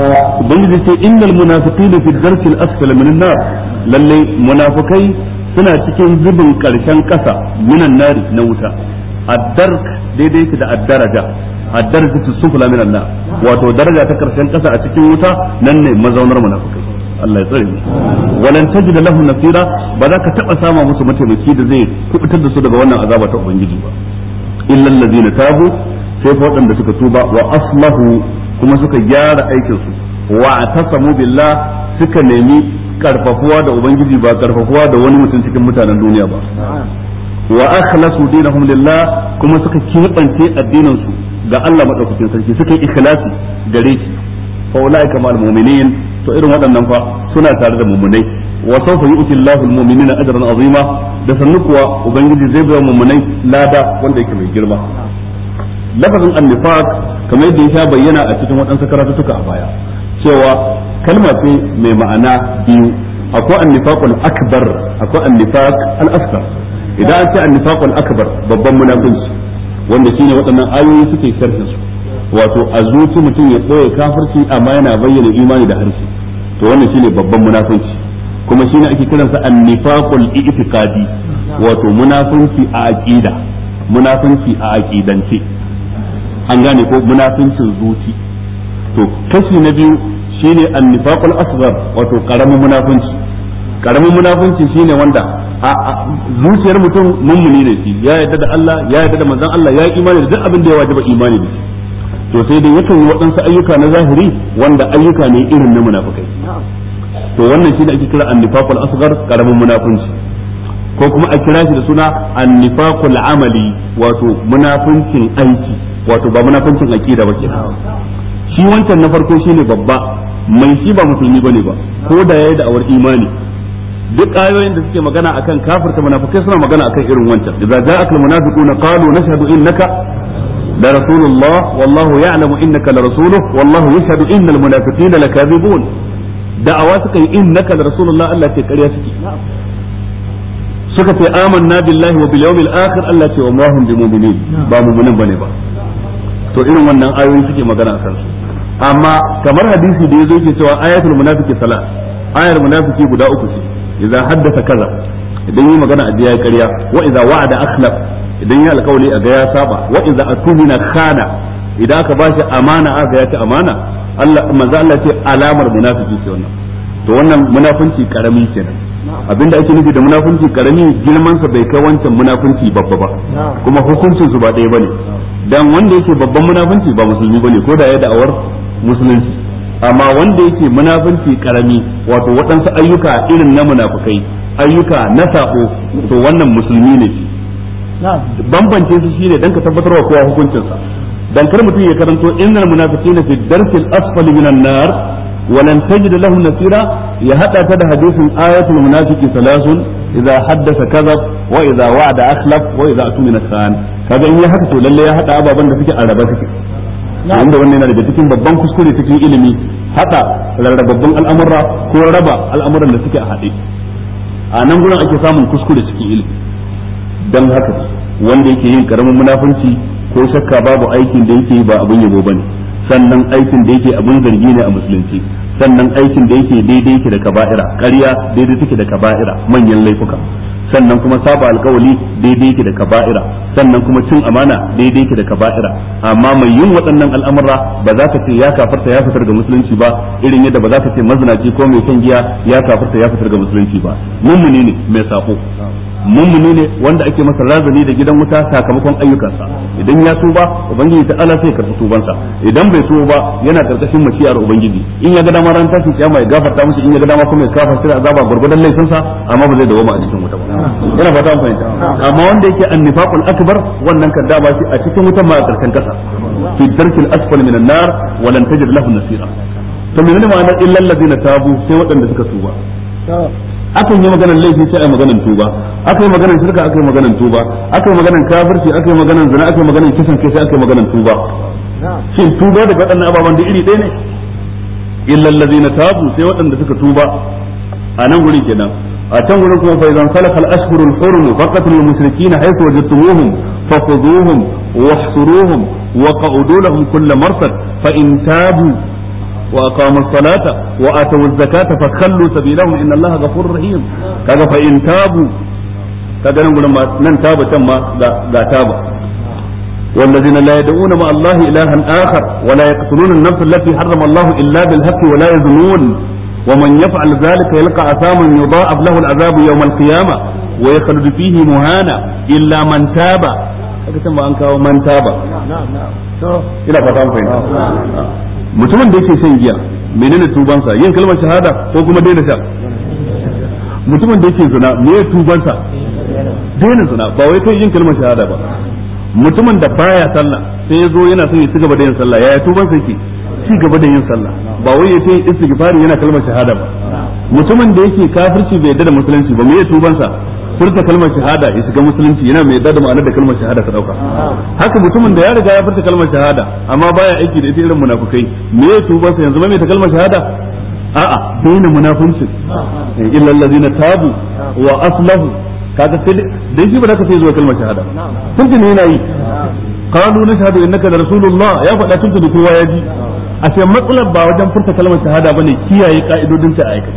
بلد إن المنافقين في الدرك الأسفل من النار للي منافقين سنة cikin زبن ƙarshen ƙasa minan nari ad daidai yake da ad-daraja ad-darajatu sufla min an wato daraja ta karshen kasa a cikin wuta nan ne mazaunar munafikai Allah ya tsare mu walan tajid lahu nasira ba za ka taba sama musu mataimaki da zai kubutar da daga wannan azaba ta ubangiji ba illa allazina tabu sai fa waɗanda suka tuba wa aslahu kuma suka gyara aikin su wa atasamu billah suka nemi karfafuwa da ubangiji ba karfafuwa da wani mutum cikin mutanen duniya ba wa akhlasu dinahum lillah kuma suka kibance addinin su ga Allah madaukakin sarki suka yi ikhlasi gare shi fa ulaika mal mu'minin to irin waɗannan fa suna tare da mu'minai wa sawfa yu'ti Allahu al mu'minina ajran azima da sannu kuwa ubangiji zai bayar mu'minai lada wanda yake mai girma lafazin annifaq kamar yadda ya bayyana a cikin waɗansu karatutuka a baya cewa kalma ce mai ma'ana biyu akwai annifaq al-akbar akwai annifaq al-asghar idan an ce annifaq al-akbar babban munafinci wanda shine waɗannan ayoyi suke sharhin su wato a zuci mutum ya tsoye kafirci amma yana bayyana imani da harshe to wannan shine babban munafinci kuma shine ake kiransa al i'tiqadi wato munafinci a aqida munafinci a aqidance an gane ko munafincin zuci to kashi na biyu shine annifaqul asghar wato karamin munafunci karamin munafunci shine wanda zuciyar mutum mummuni ne shi ya yarda da Allah ya yarda da manzon Allah ya imani da duk abin da ya wajaba imani da to sai dai yakan yi waɗansu ayyuka na zahiri wanda ayyuka ne irin na munafukai to wannan shine ake kira annifaqul asghar karamin munafunci ko kuma a kira shi da suna annifaqul amali wato munafuncin aiki wato ba munafuncin aqida ba kenan shi wancan na farko shine babba mai shi ba musulmi bane ba ko da yayi da awar imani duk ayoyin da suke magana akan kafirta munafikai suna magana akan irin wancan idza ja'akal munafiquna qalu nashhadu innaka la rasulullah wallahu ya'lamu innaka la rasuluhu wallahu yashhadu innal munafiqina lakazibun da'awa suka yi innaka la rasulullah Allah ce ƙarya suke suka ce amanna billahi wa bil yawmil akhir Allah ce wa ma hum bimu'minin ba mu'minin bane ba to irin wannan ayoyin suke magana akan su amma kamar hadisi da ya zo ke cewa ayatul munafiki sala ayar munafiki guda uku ce idza haddasa kaza idan yi magana a jiya ƙarya wa idza wa'ada akhlaf idan yi alƙawli a ga ya saba wa idza atumina khana idan aka bashi amana aka ya ci amana Allah manzo Allah ce alamar munafiki ce wannan to wannan munafunci karami kenan abinda ake nufi da munafunci karami girman sa bai kai wancan munafunci babba ba kuma hukuncin su ba daya bane dan wanda yake babban munafunci ba musulmi bane ko da ya da'awar musulunci amma wanda yake munafunci karami wato waɗansu ayyuka irin na munafukai ayyuka na sako to wannan musulmi ne shi bambance su shine dan ka tabbatar wa kowa hukuncin sa dan kar mutum ya karanto innal munafiqina fi darkil asfali minan nar walan da lahu nasira ya haɗa ta da hadisin ayatul munafiqi salasun idza haddasa kadhab wa idza wa'ada akhlaf wa idza atumina khan kaga in ya haka to lalle ya hada ababan da suke araba suke wanda wannan yana daga cikin babban kuskure cikin ilimi hada rarrababbun al'amura ko raba al'amuran da suke a hade a nan gurin ake samun kuskure cikin ilimi dan haka wanda yake yin karamin munafunci ko shakka babu aikin da yake yi ba abin yabo ne. sannan aikin da yake abin zargi ne a musulunci sannan aikin da yake daidai yake da kaba'ira ƙarya daidai take da kaba'ira manyan laifuka sannan kuma saba alkawali daidai yake da kaba'ira sannan kuma cin amana daidai ke da kaba'ira amma mai yin waɗannan al'amura ba za ka ce ya kafarta ya fitar ga musulunci ba irin yadda ba za ka ce mazinaci ko mai son giya ya kafarta ya fitar ga musulunci ba mummuni ne mai sako mummuni ne wanda ake masa razani da gidan wuta sakamakon ayyukansa idan ya tuba ubangiji ta ala sai karɓi tubansa idan bai tuba ba yana karkashin mashiyar ubangiji in ya ga dama ran tashin kiyama ya gafarta in ya ga dama kuma ya kafa sai azaba gurgurdan laifinsa amma ba zai dawo ma a cikin wuta ba yana fata an fahimta amma wanda yake annifaqul akbar akbar wannan kan dama shi a cikin wuta ma a karkan kasa fi darkil asfal minan nar wa lan tajid lahu nasira to menene ma'anar tabu sai waɗanda suka tuba akan yi maganar laifi sai a maganar tuba akan yi maganar shirka akan yi maganar tuba akan yi maganar kafirci akan yi maganar zina akan yi maganar kisan kai sai akan yi maganar tuba shin tuba da waɗannan ababen da iri ɗaya ne illal ladina tabu sai waɗanda suka tuba a nan wuri kenan أتمركم فإذا انسلخ الأشهر الحرم فقتلوا المشركين حيث وجدتموهم فخذوهم واحصروهم وقعدوا لهم كل مرصد فإن تابوا وأقاموا الصلاة وآتوا الزكاة فخلوا سبيلهم إن الله غفور رحيم كذا فإن تابوا كذا نقول من تاب تم لا تاب والذين لا يدعون مع الله إلها آخر ولا يقتلون النفس التي حرم الله إلا بالحق ولا يزنون ومن يفعل ذلك يلقى أثاما يضاعف له العذاب يوم القيامة ويخلد فيه مهانا إلا من تاب أكتم أنك من تاب إلى فتام فين mutumin da yake shan giya menene tubansa yin kalmar shahada ko kuma daina sha mutumin da yake zina me tubansa daina zina ba wai kai yin kalmar shahada ba mutumin da baya sallah sai ya zo yana son ya ci gaba da sallah yaya tubansa yake ci gaba da yin sallah ba wai yace istighfari yana kalmar shahada ba mutumin da yake kafirci bai yadda da musulunci ba me ya tubansa furta kalmar shahada ya shiga musulunci yana mai yadda da ma'anar da kalmar shahada ta dauka haka mutumin da ya riga ya furta kalmar shahada amma baya aiki da ita irin munafukai me ya tubansa yanzu ba mai ta kalmar shahada a'a daina munafunci eh, illa allazina tabu wa aslahu kaga sai dai shi ba da ka sai zuwa kalmar shahada ne yana yi qalu nashhadu innaka rasulullah ya faɗa tuntuni kowa ya ji a ce matsalar ba wajen furta kalmar shahada ba ne kiyaye ka'idodin ta aika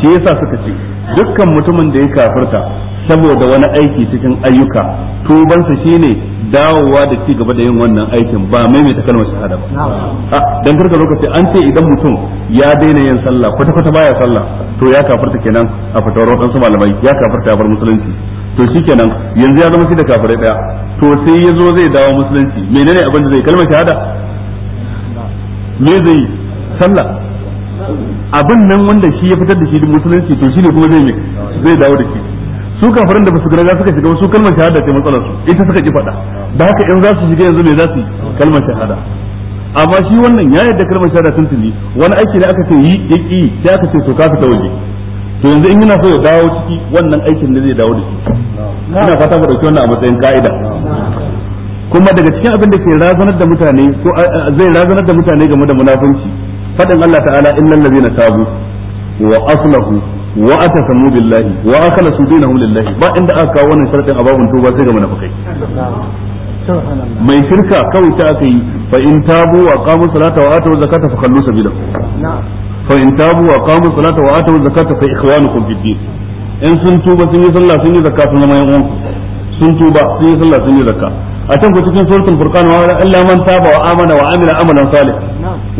shi yasa suka ce dukkan mutumin da ya kafirta saboda wani aiki cikin ayyuka tubansa shine dawowa da ci gaba da yin wannan aikin ba maimaita kalmar shahada ba a dan karka lokaci an ce idan mutum ya daina yin sallah kwata kwata baya sallah to ya kafirta kenan a fatawar wadansu malamai ya kafirta ya bar musulunci to kenan yanzu ya zama shi da kafirai daya to sai ya zo zai dawo musulunci menene abin da zai kalmar shahada me zai sallah abin nan wanda shi ya fitar da shi musulunci to shine kuma zai zai dawo da shi su kafirin da basu garaga suka shiga su kalmar shahada ce matsalar su ita suka ki faɗa da haka in za su shiga yanzu me za su yi kalmar shahada amma shi wannan ya yadda kalmar shahada sun tuni wani aiki ne aka ce yi ya ki sai aka ce to ka fita waje to yanzu in yana so ya dawo ciki wannan aikin da zai dawo da shi ina fata mu dauki wannan a matsayin ka'ida kuma daga cikin abin da ke razanar da mutane ko zai razanar da mutane game da munafunci fadin Allah ta'ala innal ladina tabu wa aslahu wa atasamu billahi wa akhlasu dinahum lillahi ba inda aka kawo wannan sharadin ababun tuba sai ga munafikai mai shirka kawai ta aka yi fa in tabu wa qamu salata wa atu zakata fa khallu sabila fa in tabu wa qamu salata wa atu zakata fa ikhwanukum fid din in sun tuba sun yi sallah sun yi zakka sun zama yan uwan sun tuba sun yi sallah sun yi zakka a can ku cikin suratul furqan wa Allah man taba wa amana wa amila amalan salih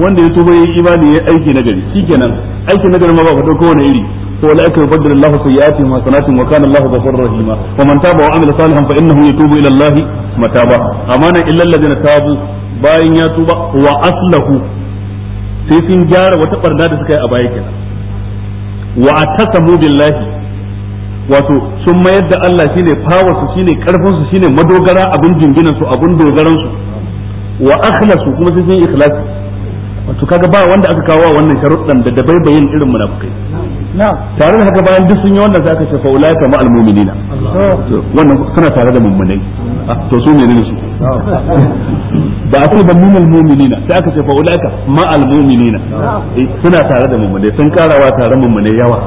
wanda ya tuba yayi imani yayi aiki nagari shikenan aiki nagari ma ba ku dauko wani iri ko la aka yubaddil Allah sayyi'atihim hasanatin wa kana Allah ghafurur rahima wa man taba wa amila salihan fa innahu yatubu ila Allah mataba amana illa alladhina tabu bayan ya tuba wa aslahu sai sun gyara wata barna da suka yi a baya kenan wa atasamu billahi wato sun mayar da Allah shine power su shine karfin su shine madogara abin jinginan su abin dogaran su wa akhlasu kuma sai sun ikhlasi wato kaga ba wanda aka kawo wannan sharuɗan da dabaibayin irin munafukai tare da haka bayan duk sun yi wannan sai aka ce fa ka ma'al mu'minina wannan kana tare da mummunai ah, to su ne su ba a ba mu'min mu'minina sai aka ce fa ka ma'al mu'minina eh, suna tare da mummunai sun karawa tare mummunai yawa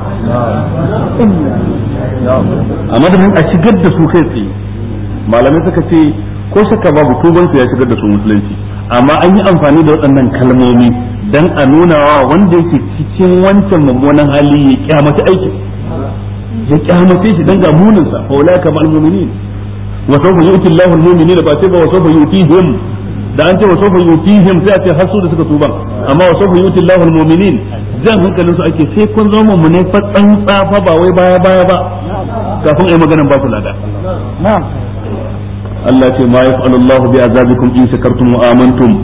amma da a shigar da su kai tsaye malamai suka ce ko shakka babu tubansu ya shigar da su musulunci amma an yi amfani da waɗannan kalmomi dan a nuna wa wanda yake cikin wancan mummunan hali ya kyamata aikin ya kyamata shi dan ga munin sa fa wala ma'al mu'minin wa sawfa yu'ti Allahu al-mu'minina ba sai ba wa sawfa yu'tihim da an ce wa sawfa yu'tihim sai a ce har su da suka tuba amma wa sawfa yu'ti Allahu al-mu'minin zan hankalin su ake sai kun zama mummune fa tsantsa fa ba wai baya baya ba kafin ai maganar ba ku lada na'am Allah ce ma yaf'alu Allahu bi azabikum in shakartum wa amantum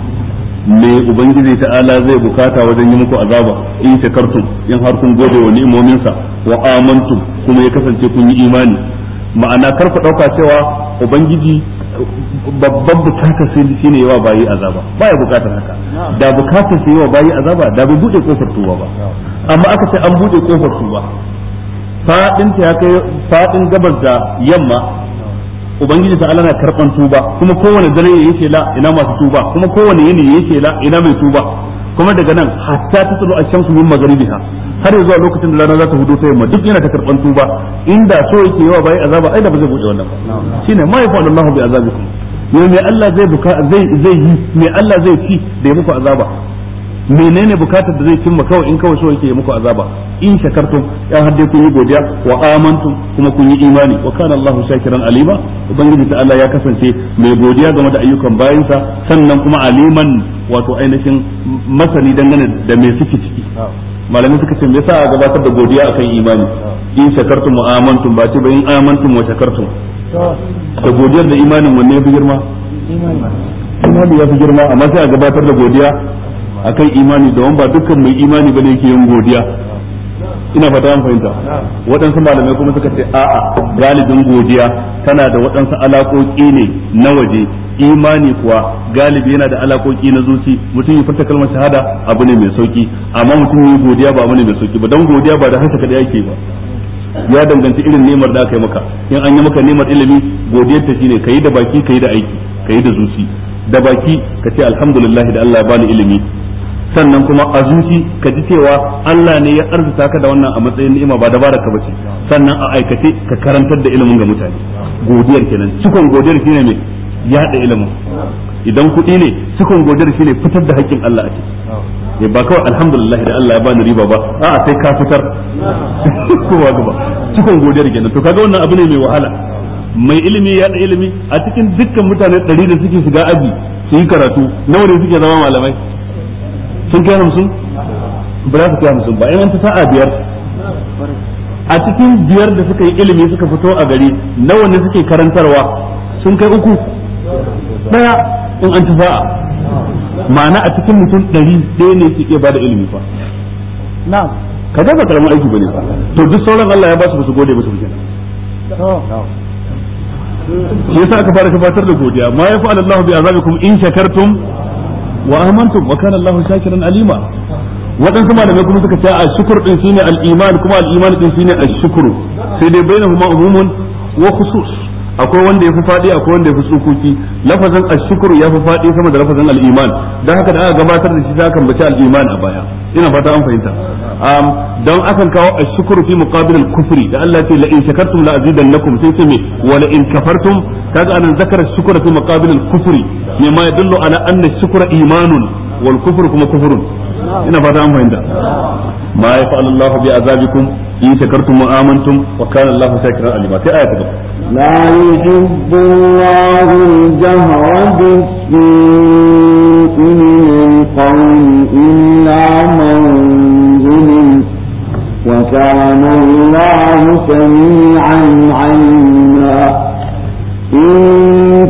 me ubangiji ta'ala zai bukata wajen yi muku azaba in shakartum in har kun gode wa ni'imomin sa wa amantum kuma ya kasance kun yi imani ma'ana kar ku dauka cewa ubangiji babban bukatar sai shi ne yawa bayi azaba ba ya bukatar haka da bukatar sai yawa bayi azaba da bai bude kofar tuba ba amma aka ce an buɗe kofar tuba fadin ta ya kai fadin gabas da yamma ubangiji ta Allah na karban tuba kuma kowane dare yayi ce la ina masu tuba kuma kowane yini yayi ce la ina mai tuba kuma daga nan hatta ta tsaro ashamsu min magribiha har zuwa lokacin da rana za ta hudu ta yamma duk yana ta karban tuba inda so yake yawa bai azaba ai da ba zai buɗe wannan ba shine ma yafa Allahu bi azabikum yau Allah zai buka zai zai yi me Allah zai ci da ya muku azaba menene bukatar da zai cimma kawai in kawai so yake muku azaba in shakartum ya hadde kun yi godiya wa amantum kuma kun yi imani wa kana Allahu shakiran alima ubangiji ta Allah ya kasance mai godiya game da ayyukan bayinsa sannan kuma aliman wato ainihin masani dangane da me suke ciki malamai suka ce me yasa a gabatar da godiya akan imani in shakartum wa amantum ba ce ba in amantum wa shakartum da godiyar da imanin wanne ya fi girma imani ya fi girma amma sai a gabatar da godiya akan imani domin ba dukkan mai imani bane yake yin godiya ina fata an fahimta waɗansu malamai kuma suka ce a'a galibin godiya tana da waɗansu alaƙoƙi ne na waje imani kuwa galibi yana da alaƙoƙi na zuci mutum ya furta kalmar shahada abu ne mai sauki amma mutum ya godiya ba abu ne mai sauki ba don godiya ba da hanta kada yake ba ya danganci irin nemar da aka yi maka in an yi maka nemar ilimi godiyar ta shine kayi da baki kayi da aiki kayi da zuci da baki ka ce alhamdulillah da Allah ya bani ilimi sannan kuma a zuci ka ji cewa Allah ne ya arzuta ka da wannan a matsayin ni'ima ba dabara ka bace sannan a aikace ka karantar da ilimin ga mutane godiyar kenan cikon godiyar shine me yada ilimin idan kuɗi ne cikon godiyar shine fitar da haƙƙin Allah a ciki eh, ba kawai alhamdulillah da Allah ya bani riba ba a'a sai ka fitar (laughs) kowa gaba cikon godiyar kenan to kaga wannan abu ne mai wahala mai ilimi ya da ilimi a cikin dukkan mutane ɗari da suke shiga aji su yi karatu nawa ne suke zama malamai sun kai musu ba za su kai musu ba in ta sa'a biyar a cikin biyar da suka yi ilimi suka fito a gari nawa ne suke karantarwa sun kai uku daya in an sa'a ma'ana a cikin mutum ɗari ɗaya ne suke ba da ilimi fa na ka ga ba karamin aiki bane fa to duk sauran Allah ya ba su su gode ba su kenan shi yasa aka fara gabatar da godiya ma yafa Allahu bi azabikum in shakartum wa amantum wa kana Allahu shakiran alima waɗansu malamai kuma suka ce a shukur din shine al-iman kuma al-iman din shine ash-shukru sai dai bainahuma umumun wa khusus akwai wanda ya fi faɗi akwai wanda ya fi tsukuki lafazin ashukuru ya fi faɗi sama da lafazin al'iman don haka da aka gabatar da shi za kan bace al'iman a baya ina fata an fahimta don akan kawo ashukuru fi muqabil al-kufri da Allah ce la in shakartum la azidannakum sai ce me wa la in kafartum kaga anan zakara shukura fi muqabil al-kufri mimma yadullu ala anna shukura imanun wal kufru kuma kufrun ina fata an fahimta ma yafa'alullahu bi azabikum in shakartum wa amantum wa kana Allahu shakiran alima sai aya ta gaba لا يحب الله الجهر بالسوء من القول إلا من ظلم وكان الله سميعا عليما إن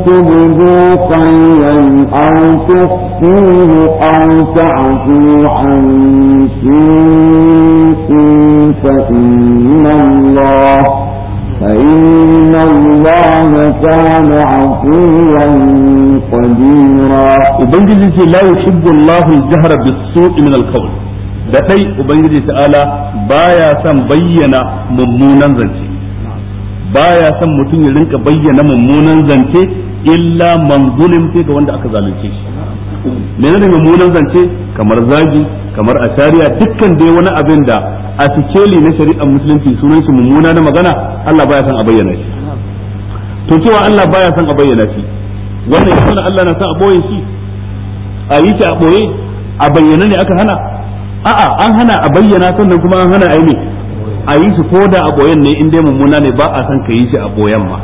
تبدوا خيرا أو تخفوه أو تعفو عن سوء فإن الله فإن الله كان عفوا قديرا وبنجي لا يحب الله الجهر da dai ubangiji ta'ala baya son bayyana mummunan zance baya son mutum ya rinka bayyana mummunan zance illa man zulim ga wanda aka zalunce shi menene mummunan zance kamar zagi kamar a shari'a dukkan dai wani abin da a sikeli na shari'ar musulunci sunan shi mummuna na magana Allah baya son a bayyana shi to cewa Allah baya son a bayyana shi wannan ya sanar Allah na son a boye shi a yi shi a boye a bayyana ne aka hana a'a an hana a bayyana sannan kuma an hana a yi ne. a yi shi ko da a boyen ne in dai mummuna ne ba a son ka yi shi a boyen ma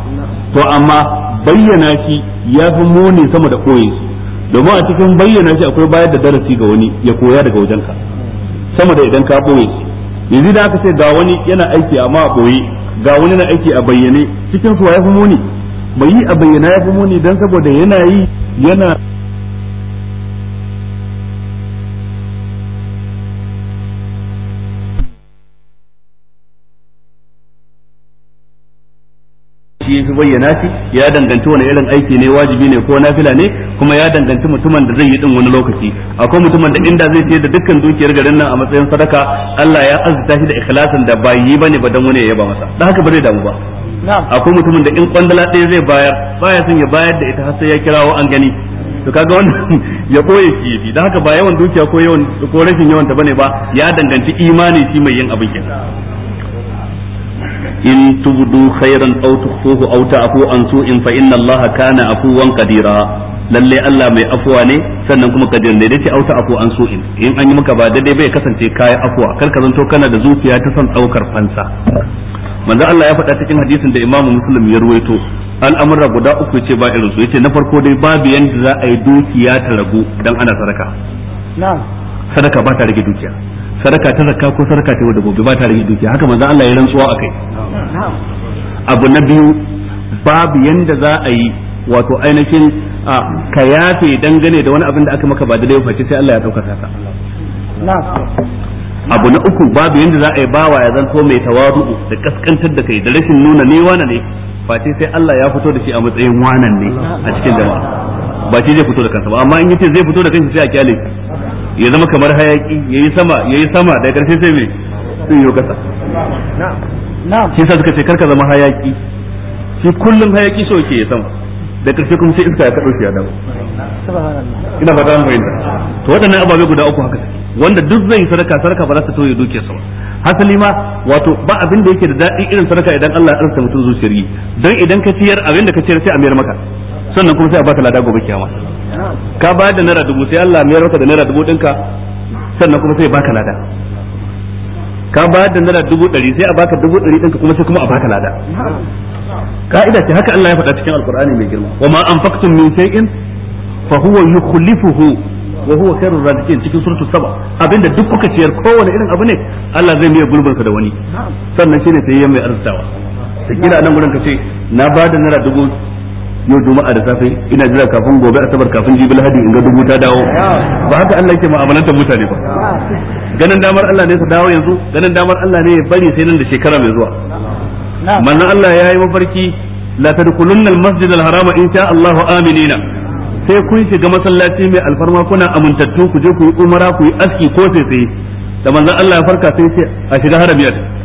to amma bayyana shi ya fi muni sama da koyin shi domin a cikin bayyana shi akwai bayar da darasi ga wani ya koya daga wajen ka sama da idan ka boye yanzu da aka ce ga wani yana aiki amma a boye ga wani na aiki a bayyane cikin su ya fi muni bai yi a bayyana ya fi muni don saboda yana yi yana shi yafi bayyana shi ya danganci wani irin aiki ne wajibi ne ko nafila ne kuma ya danganci mutumin da zai yi din wani lokaci akwai mutumin da inda zai ce da dukkan dukiyar garin nan a matsayin sadaka Allah ya azurta shi da ikhlasin da ba yi bane ba dan wani ya yaba masa dan haka ba zai damu ba akwai mutumin da in kwandala ɗaya zai bayar baya son ya bayar da ita har sai ya kirawo an gani to kaga wannan (laughs) ya boye shi yafi dan haka ba yawan dukiya ko yawan ko rashin yawan ta bane ba ya danganci imani shi mai yin abin kenan in tubdu khairan aw tukhfuhu aw ta'fu an su'in fa inna Allaha kana afuwan qadira lalle Allah mai afuwa ne sannan kuma kadir ne dace auta afu an su'in in an yi maka ba daidai bai kasance kai afuwa kar ka zanto kana da zuciya ta san daukar fansa manzo Allah ya faɗa cikin hadisin da Imam Muslim ya ruwaito al'amura guda uku ce ba irin su yace na farko dai babu yanda za a yi dukiya ta ragu dan ana sadaka na'am sadaka ba ta rage dukiya sadaka ta zakka ko sadaka ta wadda gobe ba ta rage dukiya haka manzo Allah ya rantsuwa akai abu na biyu babu yanda za a yi wato ainihin ka yafe dangane da wani abin da aka maka ba da laifin sai Allah ya dauka ka abu na uku babu yanda za a yi bawa ya zanto mai tawadu da kaskantar da kai da rashin nuna ne wana ne face sai Allah ya fito da shi a matsayin wanan ne a cikin jama'a ba shi zai fito da kansa ba amma in yace zai fito da kansa sai a kyale ya zama kamar hayaki yayi sama yayi sama da karshe sai me sun yi kasa shi sa suka ce karka zama hayaki shi kullum hayaki so ke ya sama da karshe kuma sai iska ya kaɗo shi ya dawo ina fata an fahimta to waɗannan ababe guda uku haka suke wanda duk zai sadaka sadaka ba za ta tauye duke sama. hasali ma wato ba abin da yake da daɗi irin sadaka idan Allah ya arsa mutum zuciyar yi don idan ka ciyar abin da ka ciyar sai a mayar maka sannan kuma sai a ta lada gobe kiyama ka ba da naira dubu sai Allah mayar maka da naira dubu dinka sannan kuma sai baka lada ka ba da naira dubu ɗari sai a baka dubu ɗari dinka kuma sai kuma a baka lada ka'ida ce haka Allah ya faɗa cikin alkur'ani mai girma wa ma anfaqtum min shay'in fa huwa yukhlifuhu wa huwa khairur radikin cikin suratul saba abinda duk kuka ciyar kowane irin abu ne Allah zai miya gulbinka da wani sannan shine sai ya mai arzawa da kira nan gurin ka ce na ba da naira dubu yau juma'a da safe ina jira kafin gobe asabar kafin jibil hadi in ga dubu ta dawo ba haka Allah yake mu'amalantar mutane ba ganin damar Allah ne su dawo yanzu ganin damar Allah ne ya bari sai nan da shekara mai zuwa manzon Allah ya yi mafarki la tadkhulunna al-masjid al-haram in sha Allah aminina sai kun shiga masallaci mai alfarma kuna amintattu ku je ku yi umara ku yi aski ko sai sai da manzon Allah ya farka sai ce a shiga haramiyar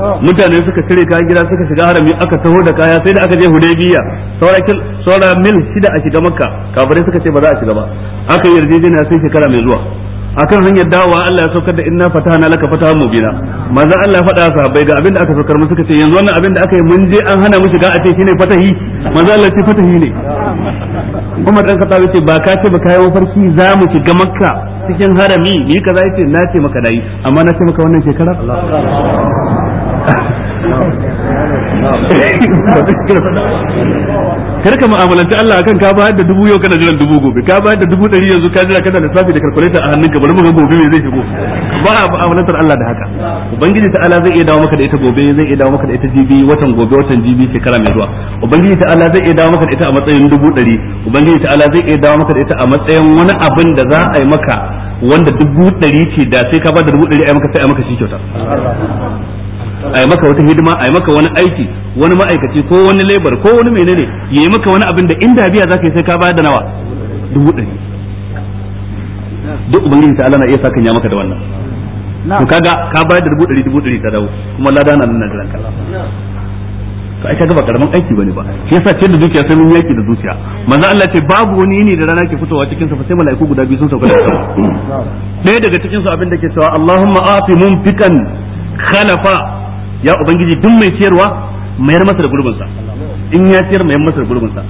mutane suka cire kayan gida suka shiga harami aka taho da kaya sai da aka je hudaybiya saurakin saura mil shida a shiga makka kafirai suka ce ba za a shiga ba aka yi yarjejeniya sai shekara mai zuwa akan hanyar dawowa Allah ya saukar da inna fatahna laka fatahan mubina manzo Allah ya faɗa sahabbai ga abinda aka saukar mu suka ce yanzu wannan abinda aka yi mun je an hana mu shiga a ce shine fatahi manzo Allah ya ce fatahi ne Umar dan Khattab yace ba ka ce ba kai mafarki za mu shiga Makka cikin harami ni kaza yace na ce maka dai amma na ce maka wannan shekara karka ka mu'amalanci Allah akan ka bayar da dubu yau kana jiran dubu gobe ka bayar da dubu ɗari yanzu ka jira kana lissafi da kalkulator a hannunka bari mu ga gobe me zai shigo ba a mu'amalantar Allah da haka ubangiji ta'ala zai iya dawo maka da ita gobe zai iya dawo maka da ita jibi watan gobe watan jibi shekara mai zuwa ubangiji ta'ala zai iya dawo maka da ita a matsayin dubu ɗari ubangiji ta'ala zai iya dawo maka da ita a matsayin wani abin da za a yi maka wanda dubu ɗari ce da sai ka ba da dubu ɗari a yi maka sai a maka shi kyauta a yi maka wata hidima a yi maka wani aiki wani ma'aikaci ko wani lebar ko wani menene ya yi maka wani abin da inda biya za ka yi sai ka bayar da nawa dubu ɗari duk ubangiji ta Allah na iya sa kan ya maka da wannan to kaga ka bayar da dubu ɗari dubu ɗari ta dawo kuma lada na nan jiran ka to ai kaga ba karaman aiki bane ba shi yasa ce da zuciya sai mun yaki da zuciya manzo Allah ce babu wani yini da rana ke fitowa cikin sa fa sai mala'iku guda biyu sun sauka da sama ɗaya daga cikin su abin da ke cewa Allahumma afi mumfikan khalafa ya ubangiji duk mai ciyarwa mayar masa da gurbin sa in ya ciyar mayar masa da gurbin sa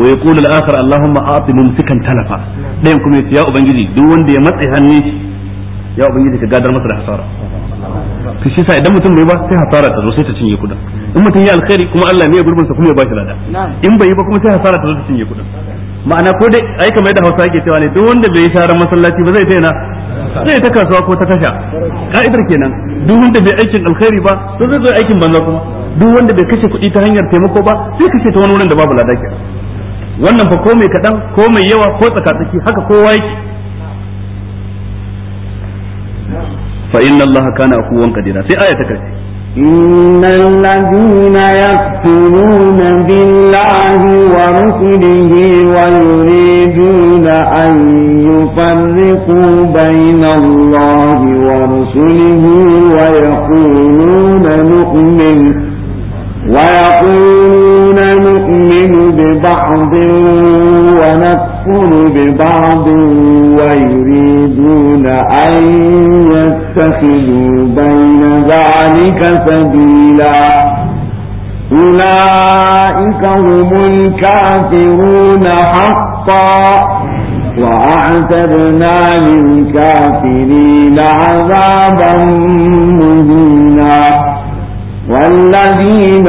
wa yaqulu al-akhar allahumma a'ti mumsikan talafa dayan kuma yace ya ubangiji duk wanda ya matsa hannun shi ya ubangiji ka gadar masa da hasara to shi sa idan mutum bai ba sai hasara ta zo sai ta cinye kudin in mutum ya alkhairi kuma Allah ne ya gurbin sa kuma ya ba shi lada in bai yi ba kuma sai hasara ta zo ta cinye kudin ma'ana ko dai ai kamar yadda Hausa yake cewa ne duk wanda bai sharar masallaci ba zai daina zai ta kasuwa ko ta kasha ka'idar kenan duk wanda bai aikin alkhairi ba to zai zo aikin banza kuma duk wanda bai kashe kuɗi ta hanyar taimako ba sai kashe ta wani wurin da babu lada wannan fa ko mai kaɗan ko mai yawa ko tsakatsaki haka kowa yake fa inna allaha kana aqwan kadira sai aya ta إن الذين يكفرون بالله ورسله ويريدون أن يفرقوا بين الله ورسله ويقولون نؤمن ويقولون نؤمن ببعض يكفر ببعض ويريدون أن يتخذوا بين ذلك سبيلا أولئك هم الكافرون حقا وأعتدنا للكافرين عذابا مهينا والذين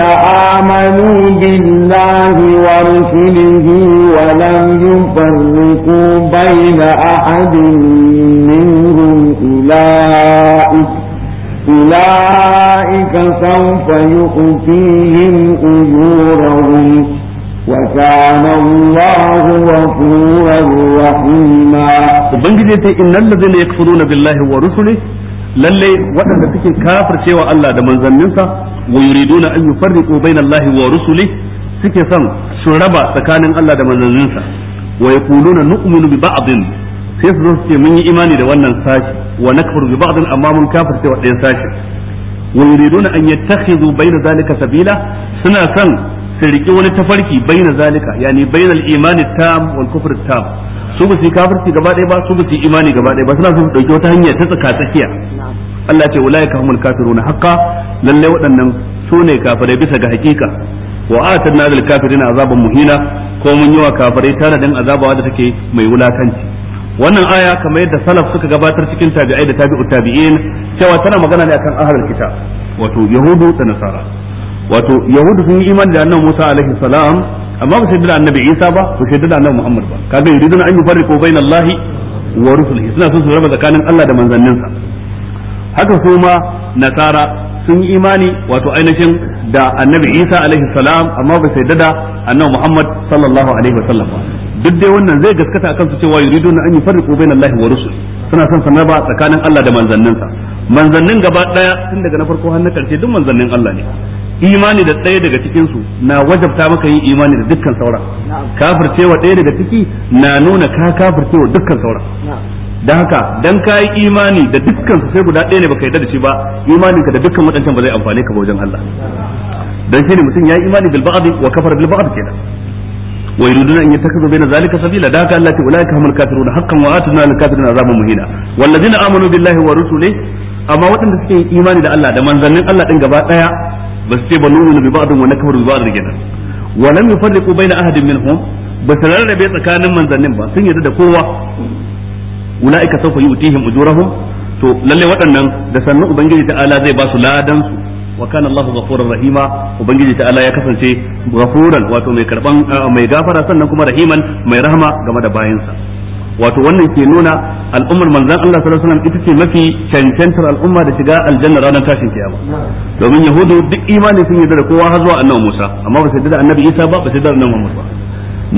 آمنوا بالله ورسله ولم يفرقوا بين أحد منهم أولئك أولئك سوف يؤتيهم أجورهم وكان الله غفورا رحيما. وبنجد إن الذين يكفرون بالله ورسله lalle waɗanda suke kafircewa Allah da manzanninsa wa yuriduna an yufarriqu bainallahi wa rusuli suke son su raba tsakanin Allah da manzanninsa wa yaquluna nu'minu bi ba'din sai su ce mun yi imani da wannan sashi wa nakfuru bi ba'din amma mun kafircewa ɗayan sashi wa yuriduna an yattakhidhu baina zalika sabila suna son su wani tafarki baina zalika yani baina al-iman tam wal kufr tam su ba su kafirci gaba ɗaya ba su ba su imani gaba ɗaya ba suna so su wata hanya ta tsaka tsakiya Allah ce ulaika humul na haqqa lalle waɗannan su ne kafirai bisa ga hakika wa na lil kafirina azaban muhina ko mun yi wa kafirai din azaba da take mai wulakanci wannan aya kamar yadda salaf suka gabatar cikin tabi'ai da tabi'u tabi'in cewa tana magana ne akan ahlul kitab wato yahudu da nasara wato yahudu sun yi imani da annabi Musa alaihi salam amma ba shaidar annabi Isa ba ba shaidar annabi Muhammad ba kaga yuridun an yi yufarriqu bainallahi wa rusulihi suna son su raba tsakanin Allah da manzanninsa haka su ma nasara sun yi imani wato ainihin da annabi Isa alaihi salam amma ba shaidar da annabi Muhammad sallallahu alaihi wa sallam ba duk dai wannan zai gaskata akan su cewa yuridun an yi yufarriqu bainallahi wa rusulihi suna son su raba tsakanin Allah da manzanninsa manzannin gaba daya tun daga na farko har na karshe duk manzannin Allah ne imani da ɗaya daga cikin su na wajabta maka yin imani da dukkan sauran kafircewa ɗaya daga ciki na nuna ka kafircewa dukkan sauran da haka dan kai imani da dukkan su sai guda ɗaya ne baka yarda da shi ba imanin ka da dukkan waɗancan ba zai amfane ka ba wajen Allah dan shine mutum ya yi imani bil ba'd wa kafara bil ba'd kenan wa yuriduna an yattakhidhu bayna zalika sabila da haka Allah ta ulaika humul kafirun haqqan wa atina lil kafirina azaban muhina wal ladina amanu billahi wa rusulihi amma waɗanda suke yin imani da Allah da manzannin Allah din gaba daya ba su ce ba nuhu bi ba'dun wa nakfuru bi ba'dun kenan wa lam yufarriqu baina ahadin minhum ba su rarrabe tsakanin manzannin ba sun yarda da kowa ulaika sawfa yu'tihim ujurahum to lalle waɗannan da sannu ubangiji ta'ala zai ba su ladan su wa kana Allah ghafurar rahima ubangiji ta'ala ya kasance ghafuran wato mai karban ah, mai gafara sannan kuma rahiman mai rahama game da bayansa wato wannan ke nuna al'ummar manzan Allah sallallahu alaihi wasallam ita ce mafi cancantar al'umma da shiga aljanna ranar tashin kiyama domin yahudu duk imani sun yi da kowa har zuwa annabi Musa amma ba su yarda da annabi Isa ba ba su yarda da annabi Musa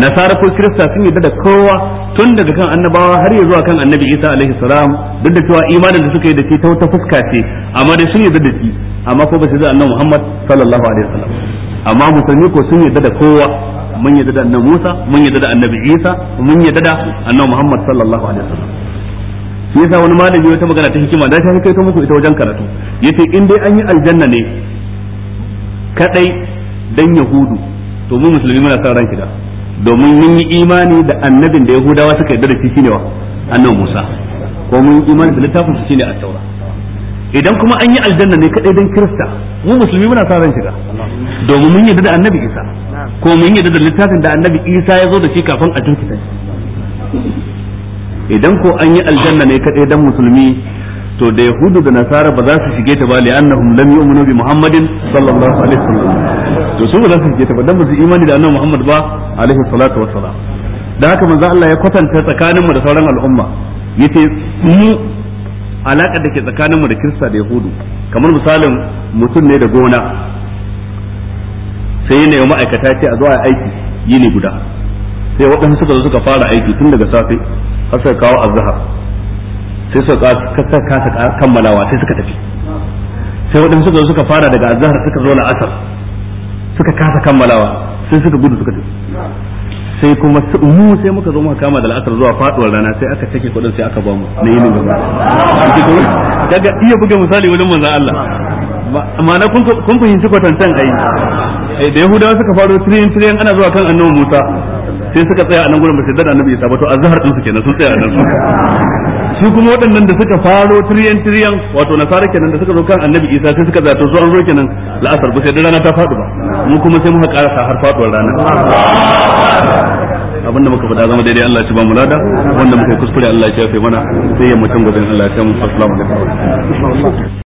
nasara ko kirista sun yarda da kowa tun daga kan annabawa har ya zuwa kan annabi Isa alaihi salam duk da cewa imanin da suka yi da shi ta wata fuska ce amma dai sun yarda da shi amma ko ba su yarda da annabi Muhammad sallallahu alaihi wasallam amma musulmi ko sun yarda da kowa mun yadda da annabi Musa mun yadda da annabi Isa mun yadda da annabi Muhammad sallallahu alaihi wasallam shi yasa wani malami wata magana ta hikima da ta kai ta muku ita wajen karatu yace in dai an yi aljanna ne kadai dan yahudu to mu musulmi muna sa ran da domin mun yi imani da annabin da yahudawa suka yadda da shi shine wa annabi Musa ko mun yi imani da littafin shi shine at-taura idan kuma an yi aljanna ne kadai dan kirista mu musulmi muna sa ran da domin mun yadda da annabi Isa ko mun yadda da littafin da annabi isa ya zo da shi kafin a jirkita idan ko an yi aljanna ne kadai dan musulmi to da yahudu da nasara ba za su shige ta ba annahum lam yu'minu bi muhammadin sallallahu alaihi wasallam to su ba za su shige ta ba dan ba su imani da annabi muhammad ba alaihi salatu wassalam da haka manzo Allah ya kwatanta tsakaninmu da sauran al'umma yace mu alaka da ke tsakaninmu da kirista da yahudu kamar misalin mutum ne da gona sai ya nemi ma'aikata ce a zuwa aiki aiki ne guda sai waɗansu suka zo suka fara aiki tun daga safe har suka kawo azhar sai suka kasa kasa kammalawa sai suka tafi sai waɗansu suka zo suka fara daga azhar suka zo na asar suka kasa kammalawa sai suka gudu suka tafi sai kuma mu sai muka zo muka kama da la'asar zuwa faduwar rana sai aka take kudin sai aka ba mu na yinin gaba daga iya buga misali wajen manzon Allah ma'ana kun fahimci kwatantan ai eh, da yahudawa suka faro tiriyan tiriyan ana zuwa kan annabi Musa sai suka tsaya a nan gurin ba sai da annabi ya saba to azhar din su kenan sun tsaya a nan su kuma waɗannan da suka faro tiriyan tiriyan wato nasara kenan da suka zo kan annabi isa sai suka zato su an zo kenan la'asar ba sai da rana ta faɗi ba mu kuma sai muka ƙarasa har faɗuwar rana abinda muka faɗa zama daidai Allah ya ba mu lada wanda muka kuskure Allah ya shafe mana sai ya mutum gudun Allah ya kai mu assalamu alaikum